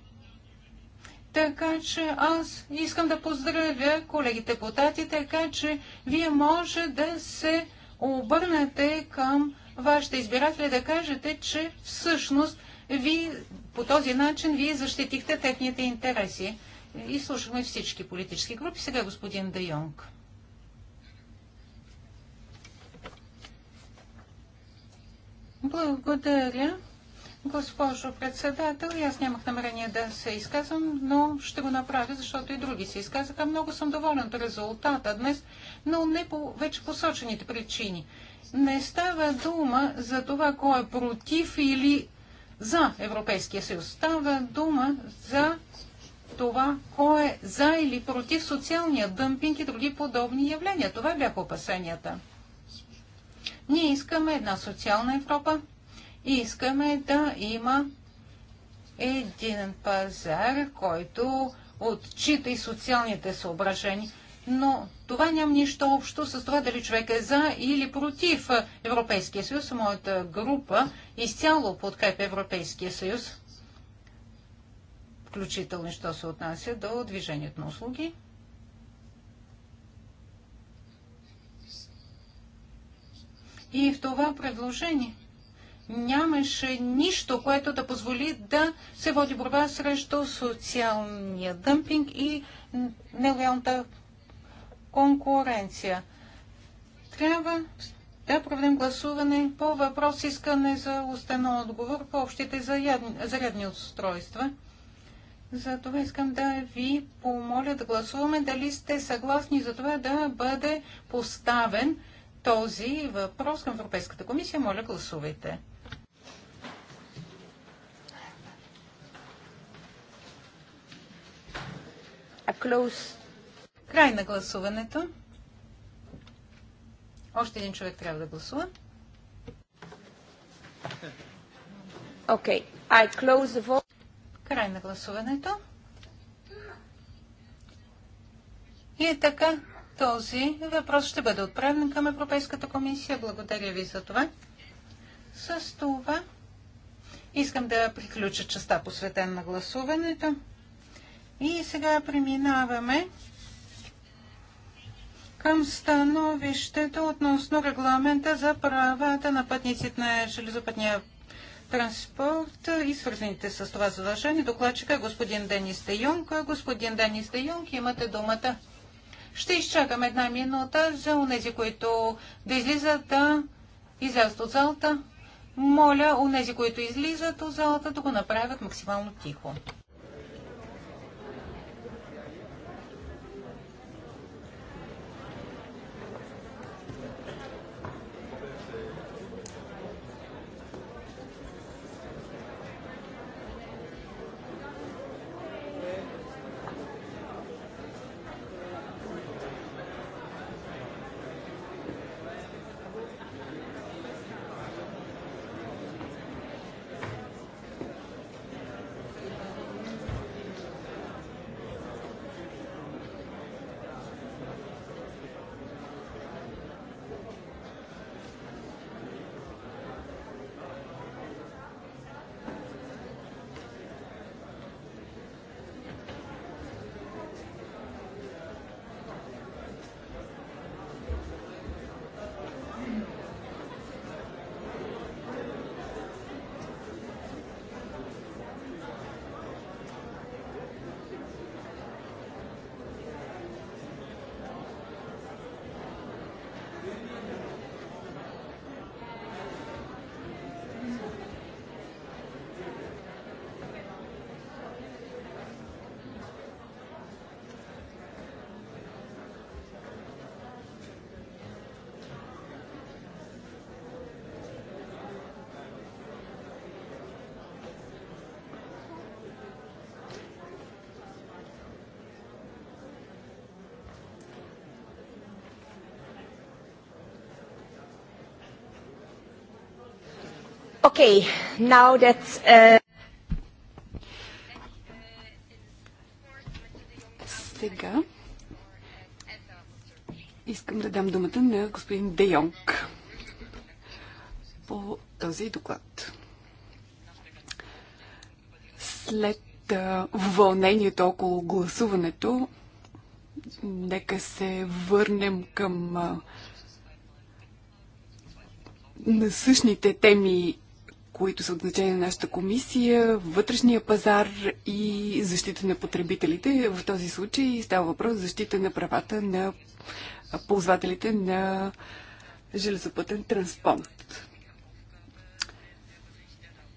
Така че аз искам да поздравя колегите депутати, така че вие може да се обърнете към вашите избиратели, да кажете, че всъщност ви, по този начин вие защитихте техните интереси и слушахме всички политически групи. Сега е господин Де Йонг. Благодаря. Госпожо председател, аз нямах намерение да се изказвам, но ще го направя, защото и други се изказаха. Много съм доволен от резултата днес, но не по вече посочените причини. Не става дума за това, кой е против или за Европейския съюз. Става дума за това, кой е за или против социалния дъмпинг и други подобни явления. Това бяха опасенията. Ние искаме една социална Европа и искаме да има един пазар, който отчита и социалните съображения. Но това няма нищо общо с това дали човек е за или против Европейския съюз. Моята група изцяло подкрепя Европейския съюз включително що се отнася до движението на услуги. И в това предложение нямаше нищо, което да позволи да се води борба срещу социалния дъмпинг и нелоялната конкуренция. Трябва да проведем гласуване по въпрос искане за устен отговор по общите зарядни устройства. За това искам да ви помоля да гласуваме дали сте съгласни за това да бъде поставен този въпрос към Европейската комисия. Моля, гласувайте. Край на гласуването. Още един човек трябва да гласува. Okay. I close the vote. Край на гласуването. И така, този въпрос ще бъде отправен към Европейската комисия. Благодаря ви за това. С това искам да приключа частта посветен на гласуването. И сега преминаваме към становището относно регламента за правата на пътниците на железопътния транспорт и свързаните с това задължение. Докладчика е господин Денис Де Господин Денис Де имате думата. Ще изчакам една минута за унези, които да излизат, да излязат от залата. Моля унези, които излизат от залата, да го направят максимално тихо. Okay, now that, uh, Сега искам да дам думата на господин Де Йонг по този доклад. След вълнението около гласуването, нека се върнем към насъщните теми които са от значение на нашата комисия, вътрешния пазар и защита на потребителите. В този случай става въпрос за защита на правата на ползвателите на железопътен транспорт.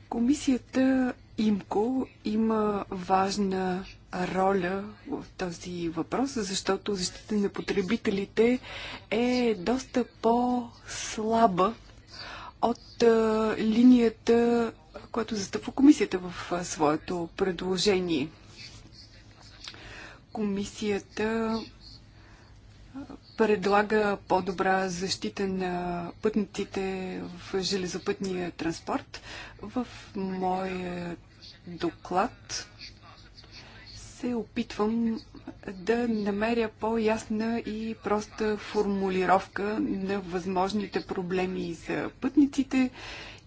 Комисията ИМКО има важна роля в този въпрос, защото защита на потребителите е доста по-слаба от линията, която застъпва комисията в своето предложение. Комисията предлага по-добра защита на пътниците в железопътния транспорт. В моя доклад се опитвам да намеря по-ясна и проста формулировка на възможните проблеми за пътниците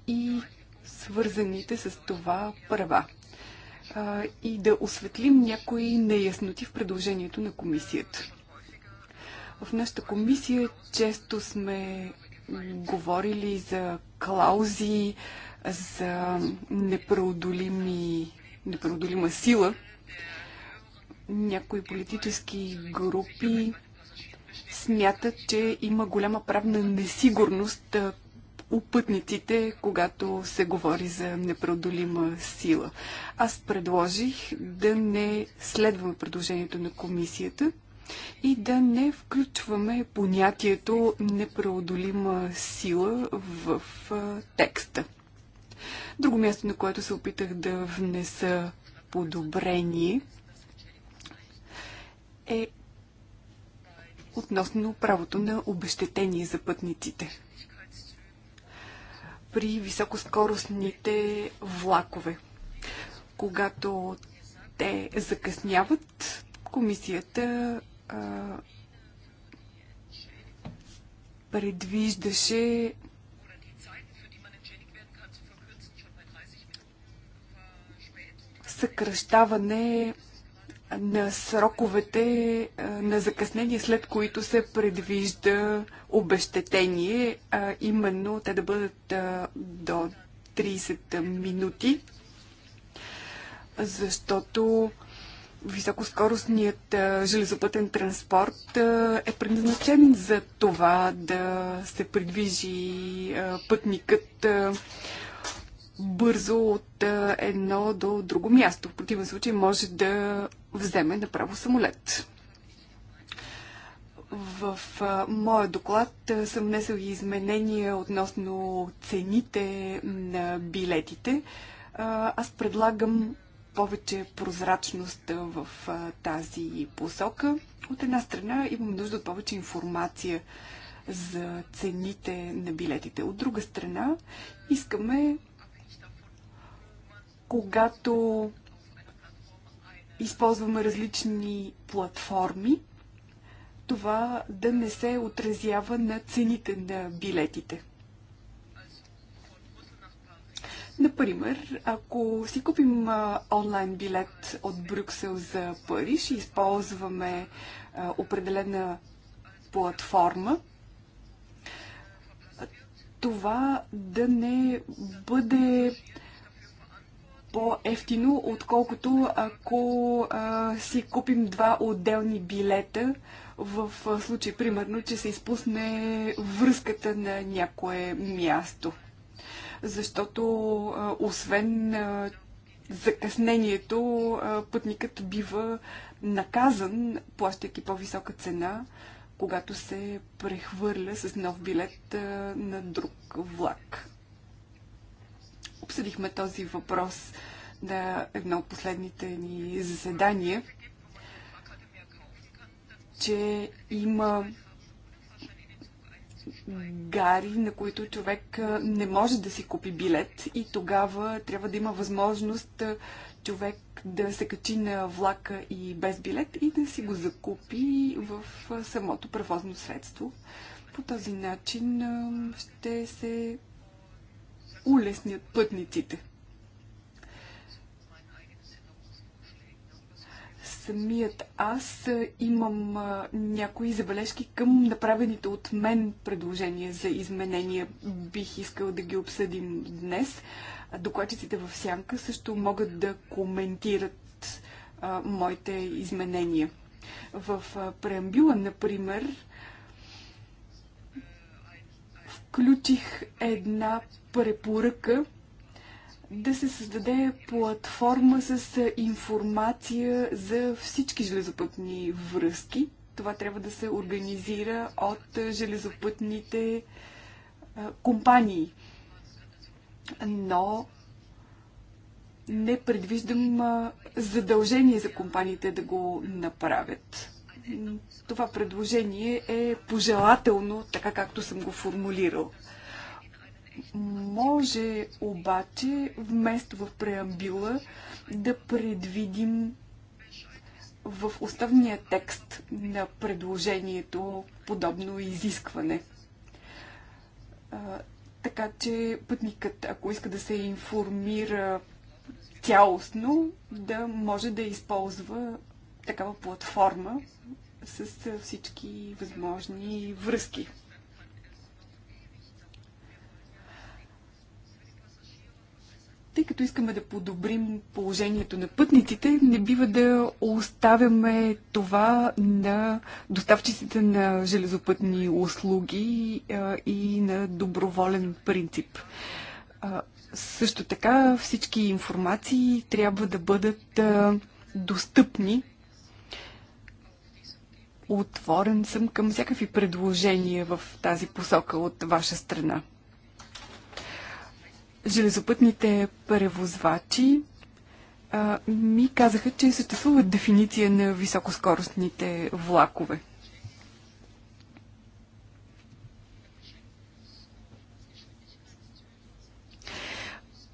и свързаните с това права и да осветлим някои неясноти в предложението на комисията. В нашата комисия често сме говорили за клаузи, за непреодолими, непреодолима сила – някои политически групи смятат, че има голяма правна несигурност у пътниците, когато се говори за непреодолима сила. Аз предложих да не следваме предложението на комисията и да не включваме понятието непреодолима сила в текста. Друго място, на което се опитах да внеса подобрение – е относно правото на обещетение за пътниците при високоскоростните влакове. Когато те закъсняват, комисията а, предвиждаше съкръщаване на сроковете на закъснение, след които се предвижда обещетение, именно те да бъдат до 30 минути, защото високоскоростният железопътен транспорт е предназначен за това да се придвижи пътникът бързо от едно до друго място. В противен случай може да вземе направо самолет. В моя доклад съм внесъл и изменения относно цените на билетите. Аз предлагам повече прозрачност в тази посока. От една страна имам нужда от повече информация за цените на билетите. От друга страна искаме когато използваме различни платформи, това да не се отразява на цените на билетите. Например, ако си купим онлайн билет от Брюксел за Париж и използваме определена платформа, това да не бъде по-ефтино, отколкото ако а, си купим два отделни билета в случай, примерно, че се изпусне връзката на някое място. Защото а, освен а, закъснението, а, пътникът бива наказан, плащайки по-висока цена, когато се прехвърля с нов билет а, на друг влак. Обсъдихме този въпрос на едно от последните ни заседания, че има гари, на които човек не може да си купи билет и тогава трябва да има възможност човек да се качи на влака и без билет и да си го закупи в самото превозно средство. По този начин ще се улеснят пътниците. Самият аз имам някои забележки към направените от мен предложения за изменения. Бих искал да ги обсъдим днес. Докладчиците в сянка също могат да коментират а, моите изменения. В а, преамбюла, например, включих една препоръка да се създаде платформа с информация за всички железопътни връзки. Това трябва да се организира от железопътните компании. Но не предвиждам задължение за компаниите да го направят. Това предложение е пожелателно, така както съм го формулирал. Може обаче вместо в преамбила да предвидим в основния текст на предложението подобно изискване. Така че пътникът, ако иска да се информира цялостно, да може да използва такава платформа с всички възможни връзки. Тъй като искаме да подобрим положението на пътниците, не бива да оставяме това на доставчиците на железопътни услуги и на доброволен принцип. Също така всички информации трябва да бъдат достъпни отворен съм към всякакви предложения в тази посока от ваша страна железопътните превозвачи а, ми казаха, че съществува дефиниция на високоскоростните влакове.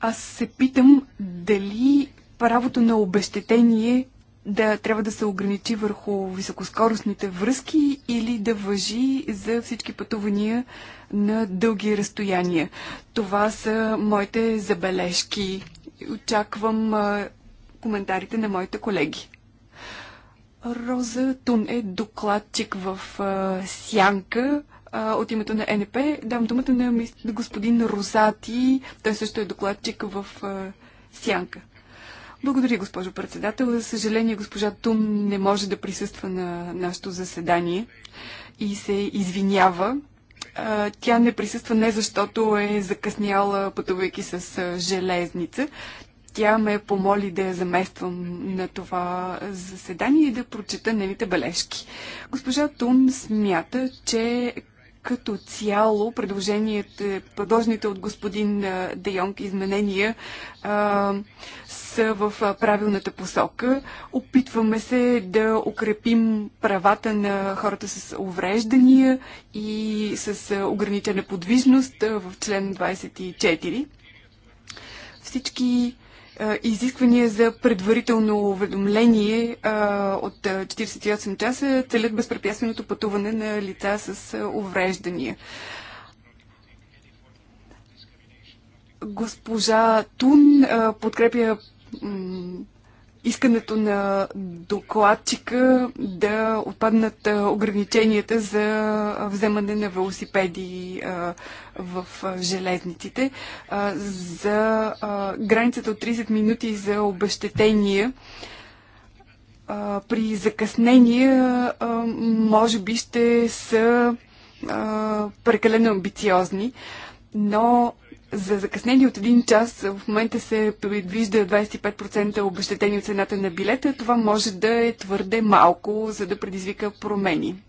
Аз се питам дали правото на обещетение да трябва да се ограничи върху високоскоростните връзки или да въжи за всички пътувания на дълги разстояния. Това са моите забележки. Очаквам а, коментарите на моите колеги. Роза Тун е докладчик в а, Сянка а, от името на НП. Дам думата на господин Розати. Той също е докладчик в а, Сянка. Благодаря, госпожо председател. За съжаление, госпожа Тум не може да присъства на нашето заседание и се извинява. Тя не присъства не защото е закъсняла, пътувайки с железница. Тя ме помоли да я замествам на това заседание и да прочета нейните бележки. Госпожа Тун смята, че като цяло предложените от господин Дейонг изменения а, са в правилната посока. Опитваме се да укрепим правата на хората с увреждания и с ограничена подвижност в член 24. Всички изисквания за предварително уведомление от 48 часа целят безпрепятственото пътуване на лица с увреждания. Госпожа Тун подкрепя искането на докладчика да отпаднат ограниченията за вземане на велосипеди в железниците, за границата от 30 минути за обещетение. При закъснение може би ще са прекалено амбициозни, но за закъснение от един час в момента се предвижда 25% обещетение от цената на билета. Това може да е твърде малко, за да предизвика промени.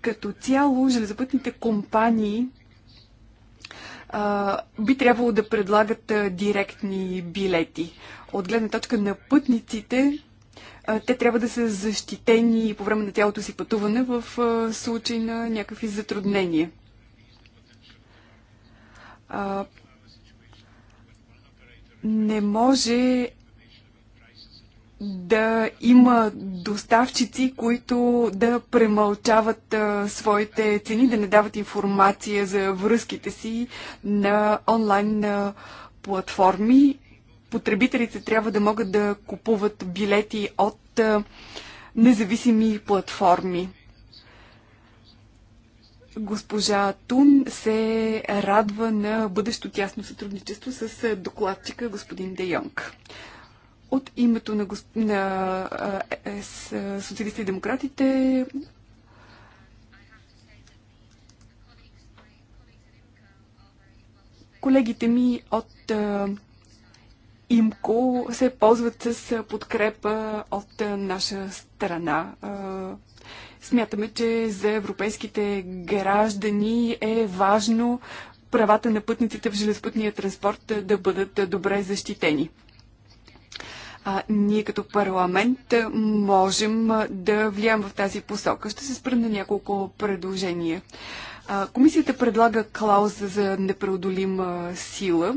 Като цяло, железопътните компании а, би трябвало да предлагат а, директни билети. От гледна точка на пътниците, а, те трябва да са защитени по време на цялото си пътуване в а, случай на някакви затруднения. А, не може да има доставчици, които да премълчават а, своите цени, да не дават информация за връзките си на онлайн а, платформи. Потребителите трябва да могат да купуват билети от а, независими платформи. Госпожа Тун се радва на бъдещо тясно сътрудничество с е, докладчика господин Де Йонг. От името на, госп... на ЕС, е, е, социалисти и демократите колегите ми от ИМКО се ползват с подкрепа от наша страна Смятаме, че за европейските граждани е важно правата на пътниците в железопътния транспорт да бъдат добре защитени. А, ние като парламент можем да влияем в тази посока. Ще се спрем на няколко предложения. А, комисията предлага клауза за непреодолима сила.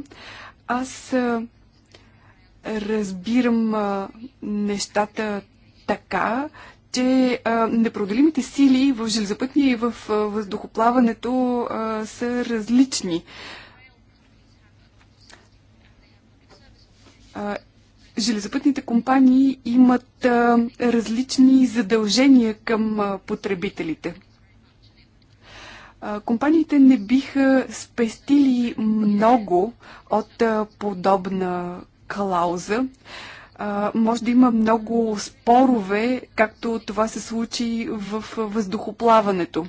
Аз а, разбирам а, нещата така, че а, непроделимите сили в железопътния и в а, въздухоплаването а, са различни. А, железопътните компании имат а, различни задължения към а, потребителите. А, компаниите не биха спестили много от а, подобна клауза. А, може да има много спорове, както това се случи в въздухоплаването.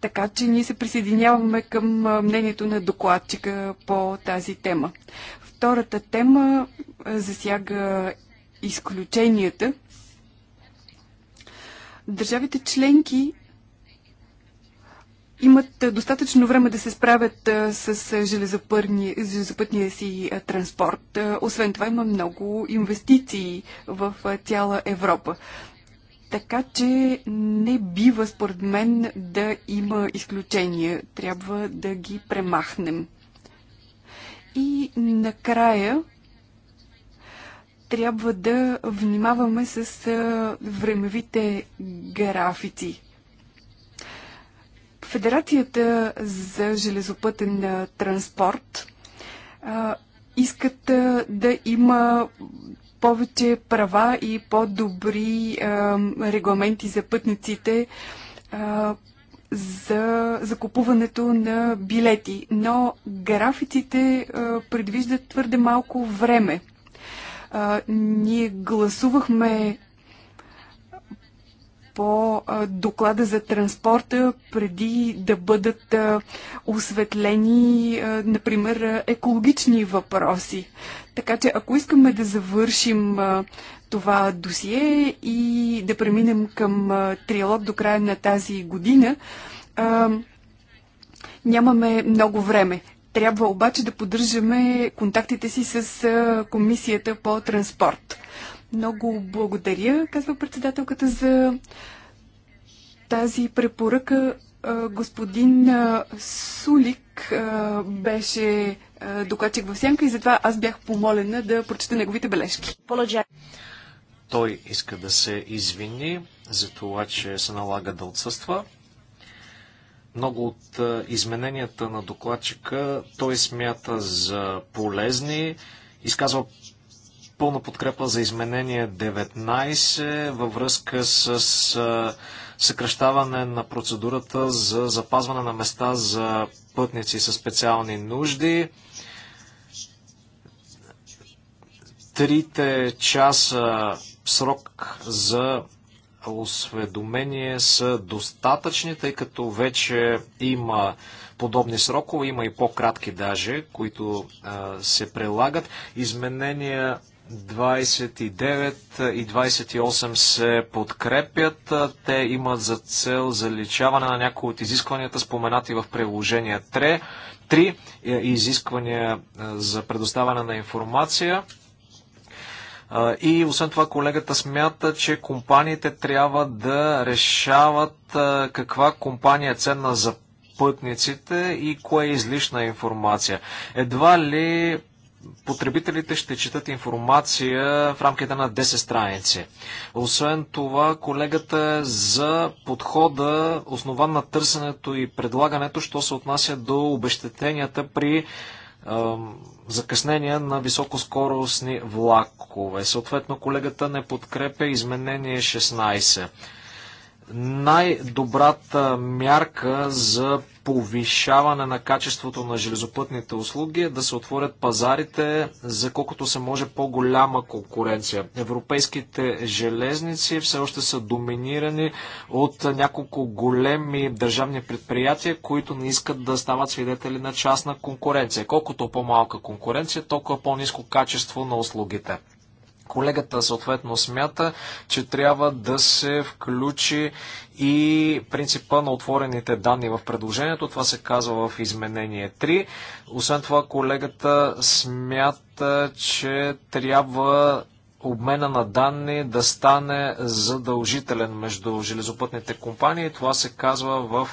Така че ние се присъединяваме към мнението на докладчика по тази тема. Втората тема засяга изключенията. Държавите членки имат е, достатъчно време да се справят е, с е, железопътния си транспорт. Освен това има много инвестиции в цяла Европа. Така че не бива, според мен, да има изключения. Трябва да ги премахнем. И накрая трябва да внимаваме с времевите графици. Федерацията за железопътен транспорт искат да има повече права и по-добри регламенти за пътниците за закупуването на билети, но графиците предвиждат твърде малко време. ние гласувахме по доклада за транспорта, преди да бъдат осветлени, например, екологични въпроси. Така че, ако искаме да завършим това досие и да преминем към триалог до края на тази година, нямаме много време. Трябва обаче да поддържаме контактите си с Комисията по транспорт. Много благодаря, казва председателката, за тази препоръка. Господин Сулик беше докладчик в сянка и затова аз бях помолена да прочета неговите бележки. Той иска да се извини за това, че се налага да отсъства. Много от измененията на докладчика той смята за полезни, изказва пълна подкрепа за изменение 19 във връзка с съкръщаване на процедурата за запазване на места за пътници със специални нужди. Трите часа срок за осведомение са достатъчни, тъй като вече има подобни срокове, има и по-кратки даже, които а, се прилагат. Изменения 29 и 28 се подкрепят. Те имат за цел заличаване на някои от изискванията, споменати в приложение 3. 3 е, изисквания е, за предоставяне на информация. Е, и освен това колегата смята, че компаниите трябва да решават каква компания е ценна за пътниците и кое е излишна информация. Едва ли потребителите ще четат информация в рамките на 10 страници. Освен това, колегата е за подхода, основан на търсенето и предлагането, що се отнася до обещетенията при е, закъснения на високоскоростни влакове. Съответно, колегата не подкрепя изменение 16 най-добрата мярка за повишаване на качеството на железопътните услуги е да се отворят пазарите за колкото се може по-голяма конкуренция. Европейските железници все още са доминирани от няколко големи държавни предприятия, които не искат да стават свидетели на частна конкуренция. Колкото по-малка конкуренция, толкова по-низко качество на услугите. Колегата съответно смята, че трябва да се включи и принципа на отворените данни в предложението. Това се казва в изменение 3. Освен това, колегата смята, че трябва обмена на данни да стане задължителен между железопътните компании. Това се казва в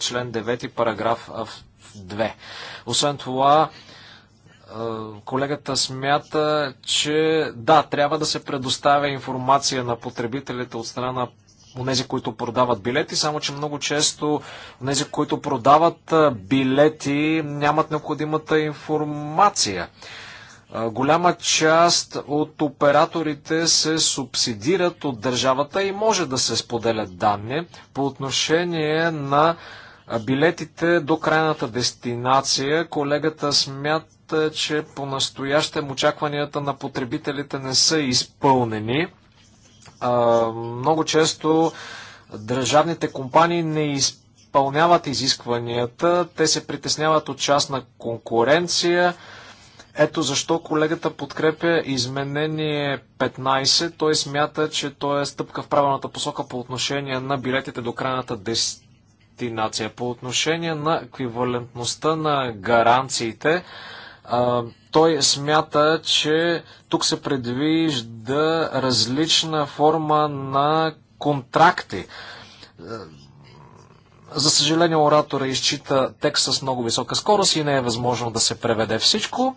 член 9, параграф 2. Освен това, е, колегата смята, че да, трябва да се предоставя информация на потребителите от страна на тези, които продават билети, само че много често тези, които продават е, билети, нямат необходимата информация. Е, голяма част от операторите се субсидират от държавата и може да се споделят данни по отношение на билетите до крайната дестинация. Колегата смята, е, че по-настоящем очакванията на потребителите не са изпълнени. Много често държавните компании не изпълняват изискванията, те се притесняват от частна конкуренция. Ето защо колегата подкрепя изменение 15. Той смята, че той е стъпка в правилната посока по отношение на билетите до крайната дестинация. По отношение на еквивалентността на гаранциите, той смята, че тук се предвижда различна форма на контракти. Е, за съжаление, оратора изчита текст с много висока скорост и не е възможно да се преведе всичко.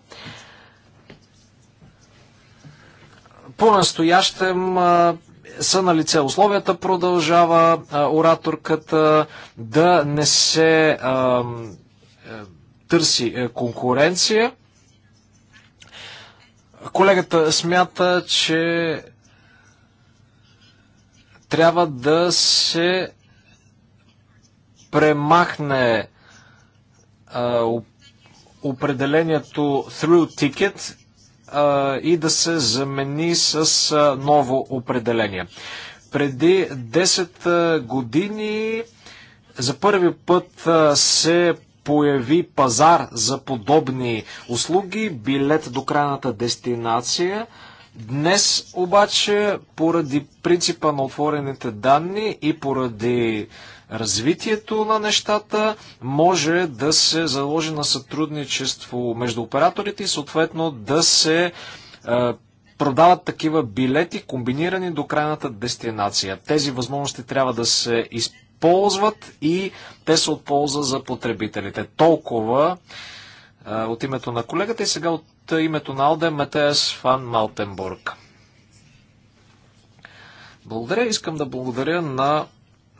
По-настоящем е, са на лице условията, продължава е, ораторката, да не се а, търси конкуренция. Колегата смята, че трябва да се премахне а, определението through ticket а, и да се замени с а, ново определение. Преди 10 години за първи път се появи пазар за подобни услуги, билет до крайната дестинация. Днес обаче, поради принципа на отворените данни и поради развитието на нещата, може да се заложи на сътрудничество между операторите и съответно да се продават такива билети, комбинирани до крайната дестинация. Тези възможности трябва да се използват ползват и те са от полза за потребителите. Толкова а, от името на колегата и сега от името на Алден Метеес Фан Малтенбург. Благодаря. Искам да благодаря на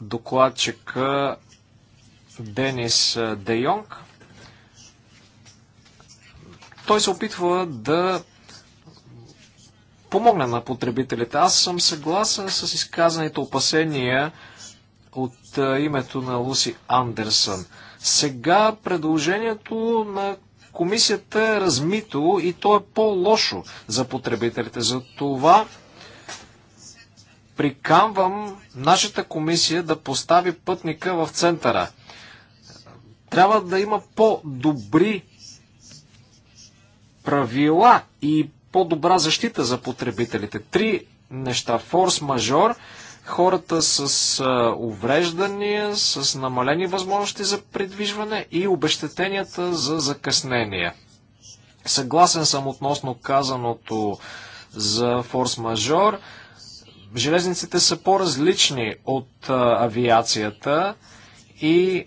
докладчика Денис Де Йонг. Той се опитва да помогне на потребителите. Аз съм съгласен с изказаните опасения от името на Луси Андерсън. Сега предложението на комисията е размито и то е по-лошо за потребителите. За това приканвам нашата комисия да постави пътника в центъра. Трябва да има по-добри правила и по-добра защита за потребителите. Три неща. Форс-мажор, хората с увреждания, с намалени възможности за придвижване и обещетенията за закъснение. Съгласен съм относно казаното за форс-мажор. Железниците са по-различни от а, авиацията и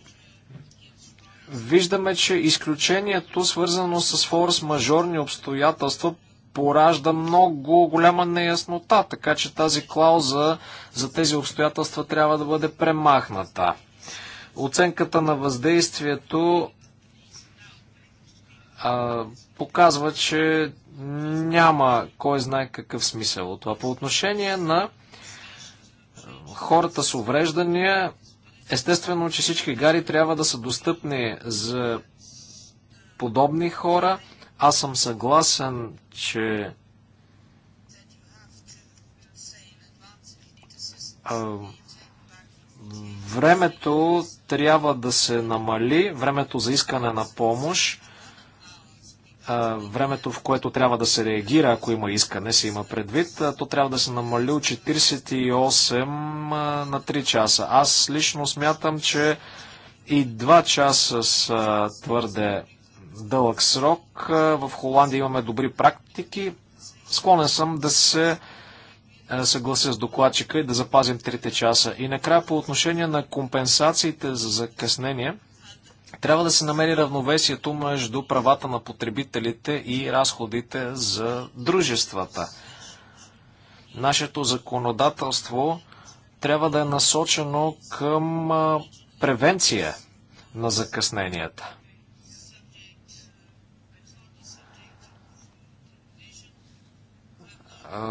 виждаме, че изключението, свързано с форс-мажорни обстоятелства, поражда много голяма неяснота, така че тази клауза за тези обстоятелства трябва да бъде премахната. Оценката на въздействието а, показва, че няма кой знае какъв смисъл от това. По отношение на хората с увреждания, естествено, че всички гари трябва да са достъпни за подобни хора – аз съм съгласен, че времето трябва да се намали, времето за искане на помощ, времето в което трябва да се реагира, ако има искане, се има предвид, то трябва да се намали от 48 на 3 часа. Аз лично смятам, че и 2 часа са твърде дълъг срок. В Холандия имаме добри практики. Склонен съм да се съглася с докладчика и да запазим трите часа. И накрая по отношение на компенсациите за закъснение, трябва да се намери равновесието между правата на потребителите и разходите за дружествата. Нашето законодателство трябва да е насочено към превенция на закъсненията.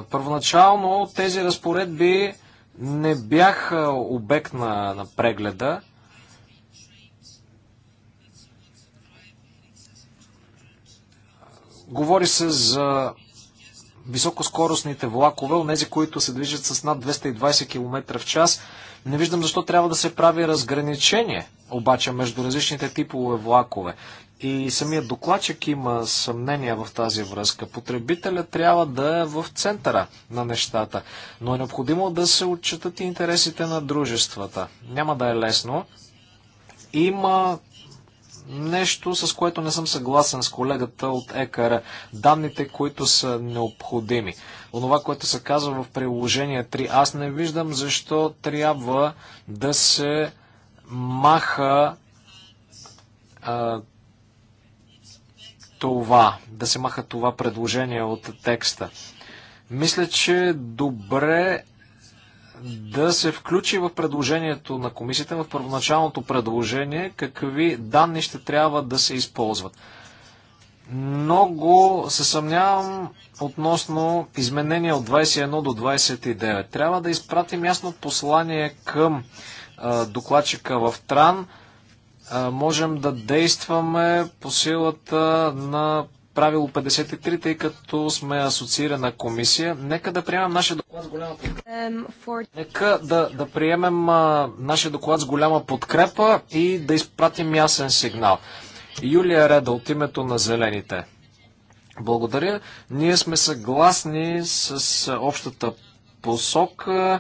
Първоначално тези разпоредби не бяха обект на, на прегледа. Говори се за високоскоростните влакове, онези, които се движат с над 220 км в час. Не виждам защо трябва да се прави разграничение, обаче, между различните типове влакове. И самият докладчик има съмнения в тази връзка. Потребителя трябва да е в центъра на нещата, но е необходимо да се отчитат и интересите на дружествата. Няма да е лесно. Има нещо, с което не съм съгласен с колегата от ЕКР. Данните, които са необходими. Онова, което се казва в приложение 3, аз не виждам защо трябва да се маха а, това, да се маха това предложение от текста. Мисля, че добре да се включи в предложението на комисията, в първоначалното предложение, какви данни ще трябва да се използват. Много се съмнявам относно изменения от 21 до 29. Трябва да изпратим ясно послание към а, докладчика в Тран. А, можем да действаме по силата на правило 53, тъй като сме асоциирана комисия. Нека да приемем нашия доклад с голяма подкрепа. Нека да, да приемем а, нашия доклад с голяма подкрепа и да изпратим ясен сигнал. Юлия Реда от името на Зелените. Благодаря. Ние сме съгласни с общата посока.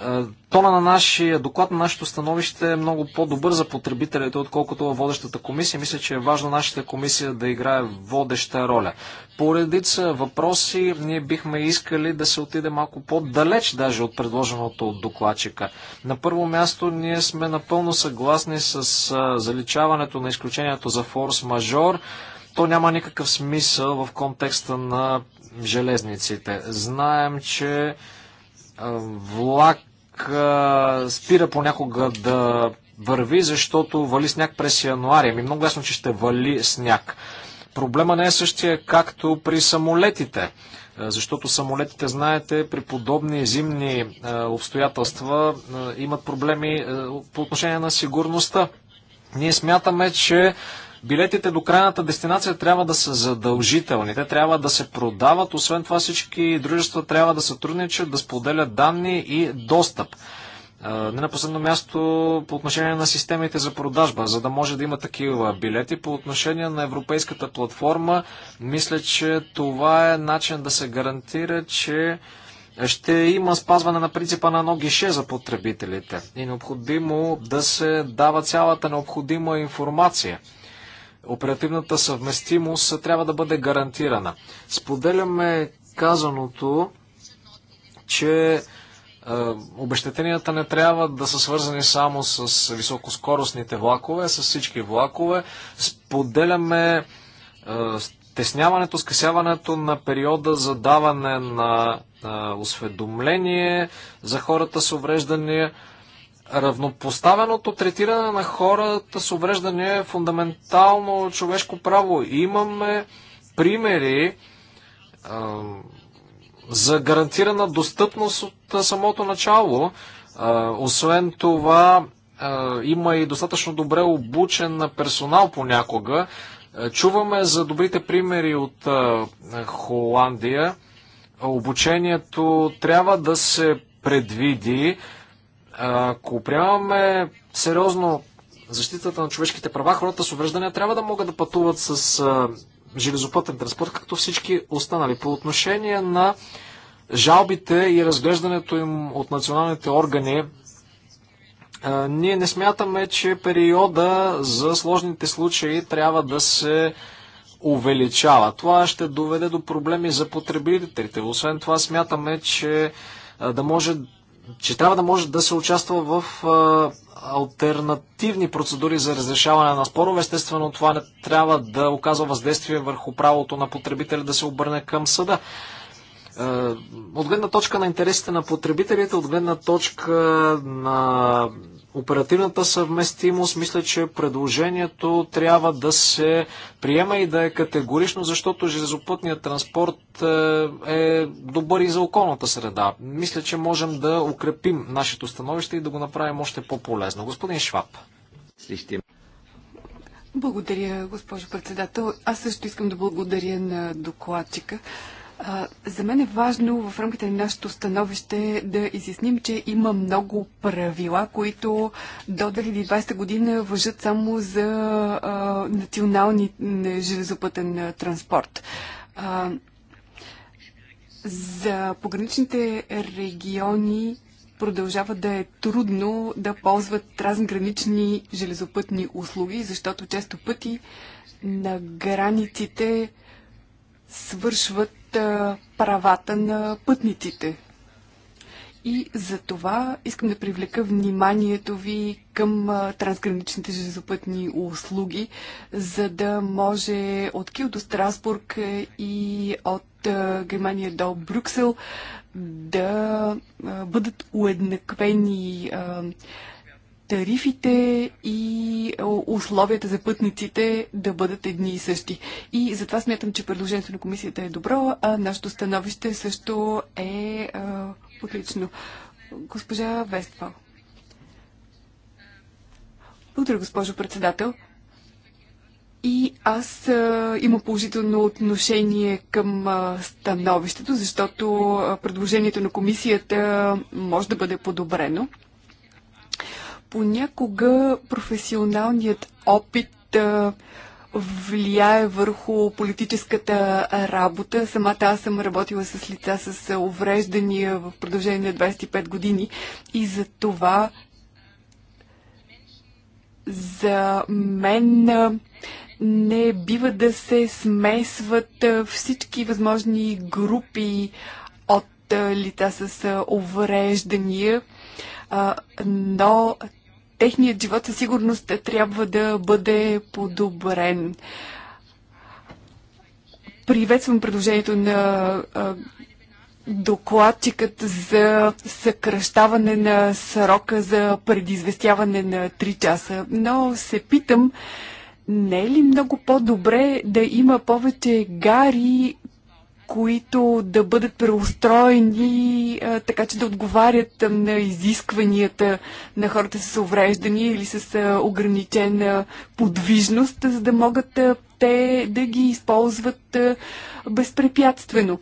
Е, тона на нашия доклад, на нашето становище е много по-добър за потребителите, отколкото във водещата комисия. Мисля, че е важно нашата комисия да играе водеща роля. По редица въпроси ние бихме искали да се отиде малко по-далеч даже от предложеното от докладчика. На първо място ние сме напълно съгласни с а, е, заличаването на изключението за форс-мажор. То няма никакъв смисъл в контекста на железниците. Знаем, че е, влак спира понякога да върви, защото вали сняг през януари. Ами много ясно, че ще вали сняг. Проблема не е същия както при самолетите, защото самолетите, знаете, при подобни зимни обстоятелства имат проблеми по отношение на сигурността. Ние смятаме, че билетите до крайната дестинация трябва да са задължителни. Те трябва да се продават. Освен това всички дружества трябва да сътрудничат, да споделят данни и достъп. Не на последно място по отношение на системите за продажба, за да може да има такива билети. По отношение на европейската платформа, мисля, че това е начин да се гарантира, че ще има спазване на принципа на едно гише за потребителите и необходимо да се дава цялата необходима информация Оперативната съвместимост трябва да бъде гарантирана. Споделяме казаното, че е, обещетенията не трябва да са свързани само с високоскоростните влакове, с всички влакове. Споделяме е, стесняването, скъсяването на периода за даване на е, осведомление за хората с увреждания. Равнопоставеното третиране на хората с увреждане е фундаментално човешко право. Имаме примери а, за гарантирана достъпност от самото начало. А, освен това, а, има и достатъчно добре обучен персонал понякога. Чуваме за добрите примери от Холандия. Обучението трябва да се предвиди ако приемаме сериозно защитата на човешките права, хората с увреждания трябва да могат да пътуват с железопътен транспорт, както всички останали. По отношение на жалбите и разглеждането им от националните органи, ние не смятаме, че периода за сложните случаи трябва да се увеличава. Това ще доведе до проблеми за потребителите. Освен това смятаме, че да може че трябва да може да се участва в а, альтернативни процедури за разрешаване на спорове. Естествено, това не трябва да оказва въздействие върху правото на потребителя да се обърне към съда. от гледна точка на интересите на потребителите, от гледна точка на оперативната съвместимост, мисля, че предложението трябва да се приема и да е категорично, защото железопътният транспорт е, е добър и за околната среда. Мисля, че можем да укрепим нашето становище и да го направим още по-полезно. Господин Шваб. Благодаря, госпожо председател. Аз също искам да благодаря на докладчика. За мен е важно в рамките на нашето становище да изясним, че има много правила, които до 2020 година въжат само за национални железопътен транспорт. За пограничните региони продължава да е трудно да ползват трансгранични железопътни услуги, защото често пъти на границите свършват правата на пътниците. И за това искам да привлека вниманието ви към трансграничните железопътни услуги, за да може от Кил до Страсбург и от Германия до Брюксел да бъдат уеднаквени тарифите и е, условията за пътниците да бъдат едни и същи. И затова смятам, че предложението на комисията е добро, а нашето становище също е а, е, отлично. Госпожа Вестфал. Благодаря, госпожо председател. И аз а, е, имам положително отношение към а, становището, защото а, предложението на комисията може да бъде подобрено. Понякога професионалният опит а, влияе върху политическата работа. Самата аз съм работила с лица с увреждания в продължение на 25 години и за това за мен не бива да се смесват всички възможни групи от лица с увреждания, но техният живот със сигурност трябва да бъде подобрен. Приветствам предложението на докладчикът за съкръщаване на срока за предизвестяване на 3 часа, но се питам, не е ли много по-добре да има повече гари които да бъдат преустроени а, така, че да отговарят а, на изискванията на хората с увреждания или с а, ограничена подвижност, за да могат а, те да ги използват а, безпрепятствено.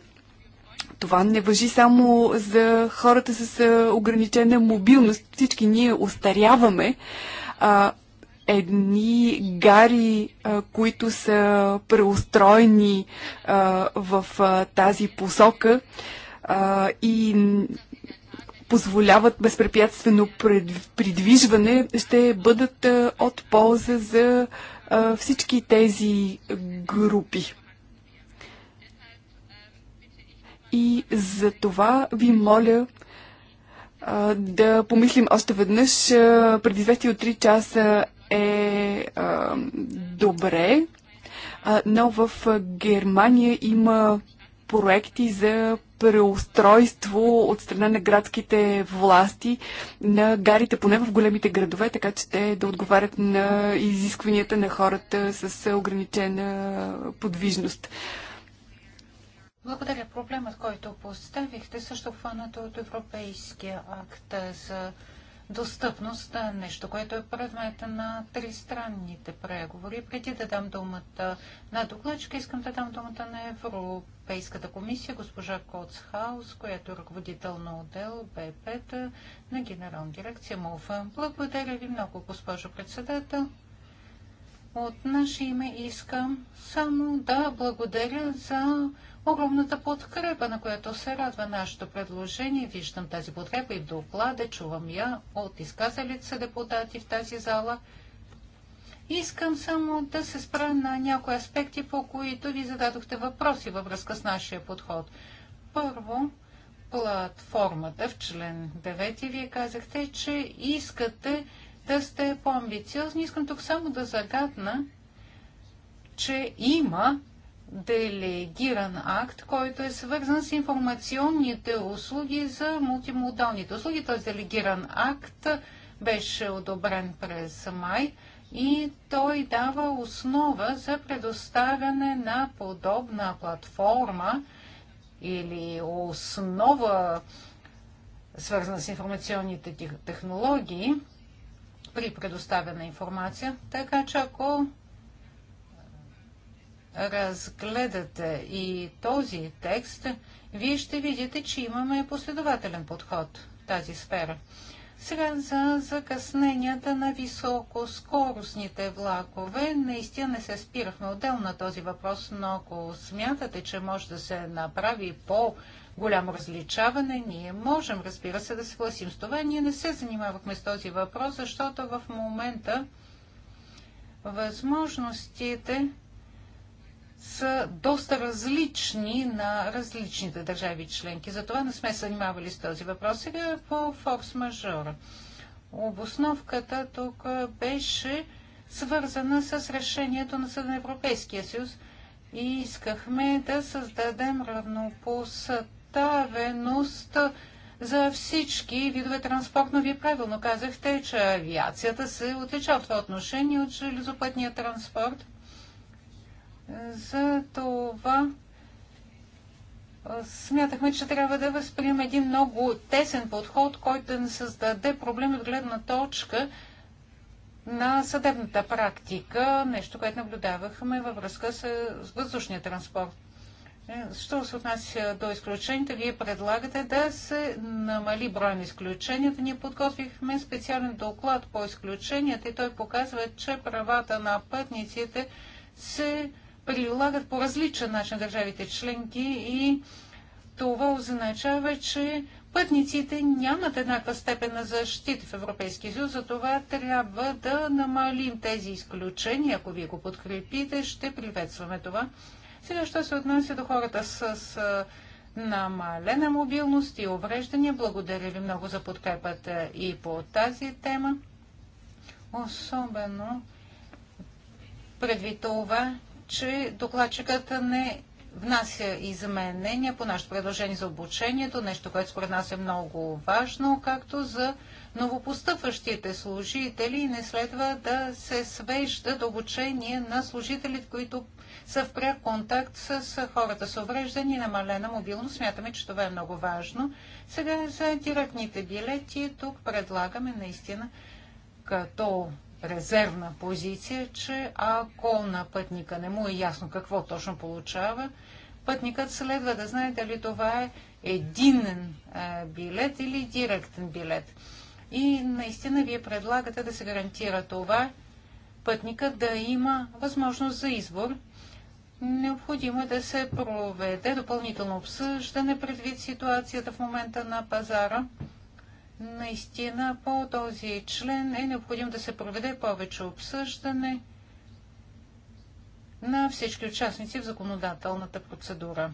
Това не въжи само за хората с а, ограничена мобилност. Всички ние остаряваме. А, едни гари, които са преустроени в тази посока и позволяват безпрепятствено придвижване, ще бъдат от полза за всички тези групи. И за това ви моля да помислим още веднъж. Предизвестие от 3 часа е а, добре, а, но в Германия има проекти за преустройство от страна на градските власти на гарите, поне в големите градове, така че те да отговарят на изискванията на хората с ограничена подвижност. Благодаря. Проблемът, който поставихте, също хванато от Европейския акт за достъпност, нещо, което е предмета на тристранните преговори. Преди да дам думата на докладчика, искам да дам думата на Европейската комисия, госпожа Коцхаус, която е ръководител на отдел Б5 на Генерална дирекция МОФА. Благодаря ви много, госпожо председател. От наше име искам само да благодаря за огромната подкрепа, на която се радва нашето предложение. Виждам тази подкрепа и в доклада, чувам я от изказалите се депутати в тази зала. Искам само да се спра на някои аспекти, по които ви зададохте въпроси във връзка с нашия подход. Първо, платформата в член 9 вие казахте, че искате да сте по-амбициозни. Искам тук само да загадна, че има делегиран акт, който е свързан с информационните услуги за мултимодалните услуги. Този делегиран акт беше одобрен през май и той дава основа за предоставяне на подобна платформа или основа, свързана с информационните технологии при предоставяне на информация. Така че ако разгледате и този текст, вие ще видите, че имаме последователен подход в тази сфера. Сега за закъсненията на високоскоростните влакове. Наистина не се спирахме отделно на този въпрос, но ако смятате, че може да се направи по-голямо различаване, ние можем, разбира се, да се гласим с това. Ние не се занимавахме с този въпрос, защото в момента възможностите са доста различни на различните държави членки. Затова не сме занимавали с този въпрос. Сега по форс-мажора. Обосновката тук беше свързана с решението на Съда на Европейския съюз и искахме да създадем равнопоставеност за всички видове транспорт, но вие правилно казахте, че авиацията се отлича в това отношение от железопътния транспорт – за това смятахме, че трябва да възприем един много тесен подход, който да не създаде проблеми от гледна точка на съдебната практика, нещо, което наблюдавахме във връзка с въздушния транспорт. Е, що се отнася до изключенията, вие предлагате да се намали броя на изключенията. Ние подготвихме специален доклад по изключенията и той показва, че правата на пътниците се прилагат по различен начин държавите членки и това означава, че пътниците нямат еднаква степен на защита в Европейския съюз, затова трябва да намалим тези изключения. Ако вие го подкрепите, ще приветстваме това. Сега, що се отнася до хората с, намалена мобилност и увреждания, благодаря ви много за подкрепата и по тази тема. Особено предвид това, че докладчикът не внася изменения по нашето предложение за обучението, нещо, което според нас е много важно, както за новопостъпващите служители не следва да се свежда до обучение на служителите, които са в пряк контакт с хората с увреждани и намалена мобилност. Смятаме, че това е много важно. Сега за директните билети тук предлагаме наистина като резервна позиция, че ако на пътника не му е ясно какво точно получава, пътникът следва да знае дали това е единен е, билет или директен билет. И наистина вие предлагате да се гарантира това, пътникът да има възможност за избор. Необходимо е да се проведе допълнително обсъждане предвид ситуацията в момента на пазара Наистина по този член е необходимо да се проведе повече обсъждане на всички участници в законодателната процедура.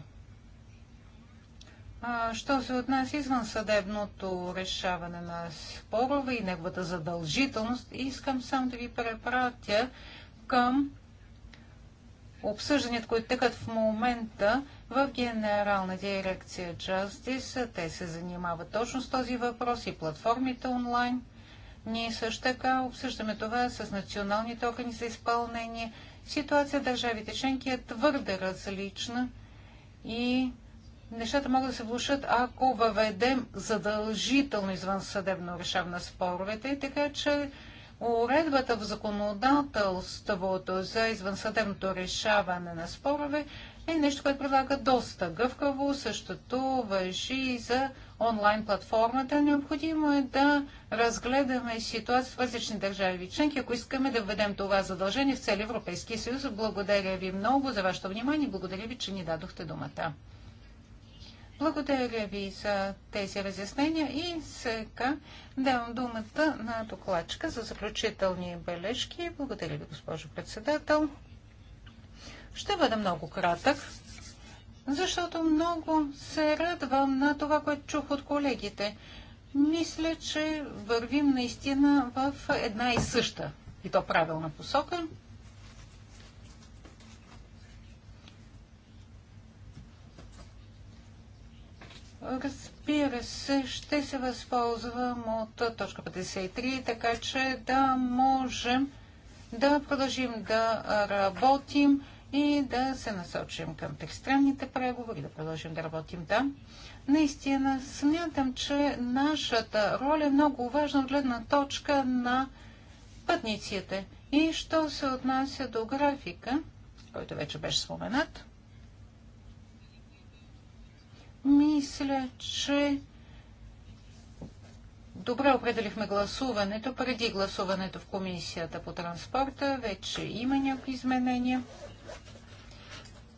А, що се отнася извън съдебното решаване на спорове и неговата задължителност, искам само да ви препратя към обсъжданията, които текат в момента в генерална дирекция Justice те се занимават точно с този въпрос и платформите онлайн. Ние също така обсъждаме това с националните органи за изпълнение. Ситуация в държавите членки е твърде различна и нещата могат да се влушат, ако въведем задължително извън съдебно решаване на споровете, така че уредбата в законодателството за извънсъдебното решаване на спорове е нещо, което предлага доста гъвкаво. Същото въжи и за онлайн платформата. Необходимо е да разгледаме ситуация в различни държави членки, ако искаме да введем това задължение в цели Европейския съюз. Благодаря ви много за вашето внимание. Благодаря ви, че ни дадохте думата. Благодаря ви за тези разяснения и сега давам думата на докладчика за заключителни бележки. Благодаря ви, госпожо председател. Ще бъда много кратък, защото много се радвам на това, което чух от колегите. Мисля, че вървим наистина в една и съща, и то правилна посока. Разбира се, ще се възползвам от точка 53, така че да можем да продължим да работим и да се насочим към тристранните преговори, да продължим да работим там. Наистина смятам, че нашата роля е много важна от гледна точка на пътниците. И що се отнася до графика, който вече беше споменат, мисля, че добре определихме гласуването. Преди гласуването в комисията по транспорта вече има някои изменения.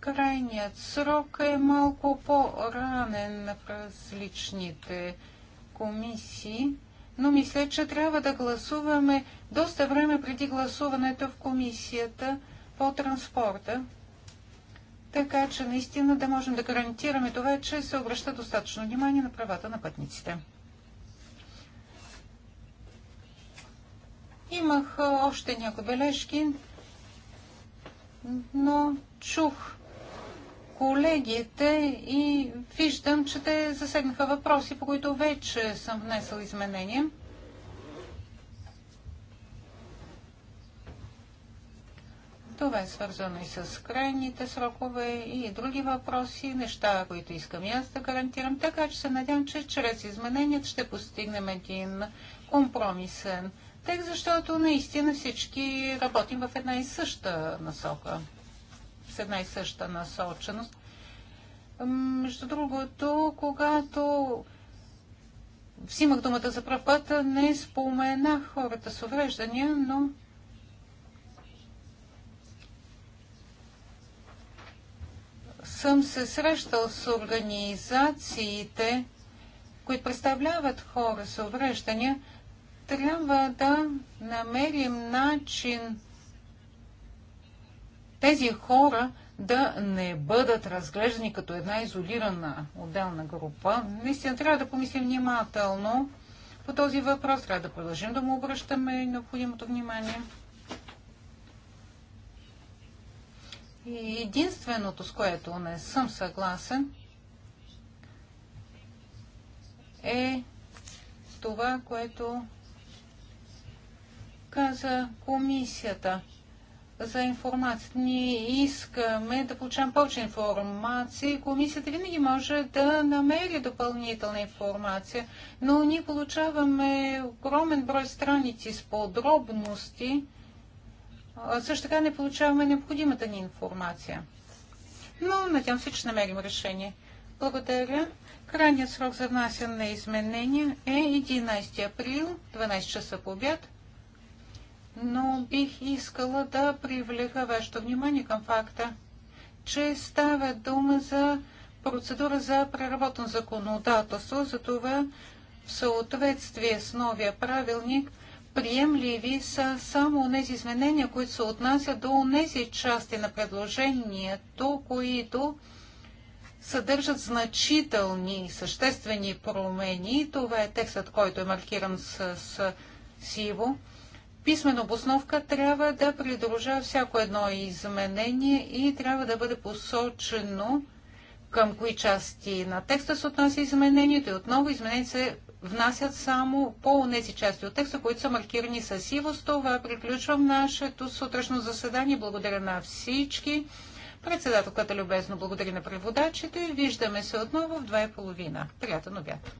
Крайният срок е малко по-ранен в различните комисии, но мисля, че трябва да гласуваме доста време преди гласуването в комисията по транспорта, така че наистина да можем да гарантираме това, че се обръща достатъчно внимание на правата на пътниците. Имах още някои бележки, но чух колегите и виждам, че те засегнаха въпроси, по които вече съм внесъл изменения. Това е свързано и с крайните срокове и други въпроси, неща, които искам и аз да гарантирам. Така че се надявам, че чрез измененията ще постигнем един компромисен текст, защото наистина всички работим в една и съща насока, с една и съща насоченост. Между другото, когато взимах думата за прав път, не споменах хората с увреждания, но съм се срещал с организациите, които представляват хора с увреждания – трябва да намерим начин тези хора да не бъдат разглеждани като една изолирана отделна група. Наистина трябва да помислим внимателно по този въпрос. Трябва да продължим да му обръщаме необходимото внимание. И единственото, с което не съм съгласен, е това, което каза за комисията за информация. Ние искаме да получаваме повече информация. Комисията винаги може да намери допълнителна информация, но ние получаваме огромен брой страници с подробности. Също така не получаваме необходимата ни информация. Но надявам се, че намерим решение. Благодаря. Крайният срок за внасяне на изменения е 11 април, 12 часа по обяд но бих искала да привлека вашето внимание към факта, че става дума за процедура за преработено законодателство, за това в съответствие с новия правилник приемливи са само тези изменения, които се отнасят до тези части на предложението, които съдържат значителни съществени промени. Това е текстът, който е маркиран с, с сиво писмена обосновка трябва да придружава всяко едно изменение и трябва да бъде посочено към кои части на текста се отнася изменението и отново изменението се внасят само по тези части от текста, които са маркирани с сиво. С това приключвам нашето сутрешно заседание. Благодаря на всички. Председателката любезно благодари на преводачите. Виждаме се отново в 2.30. Приятен обяд!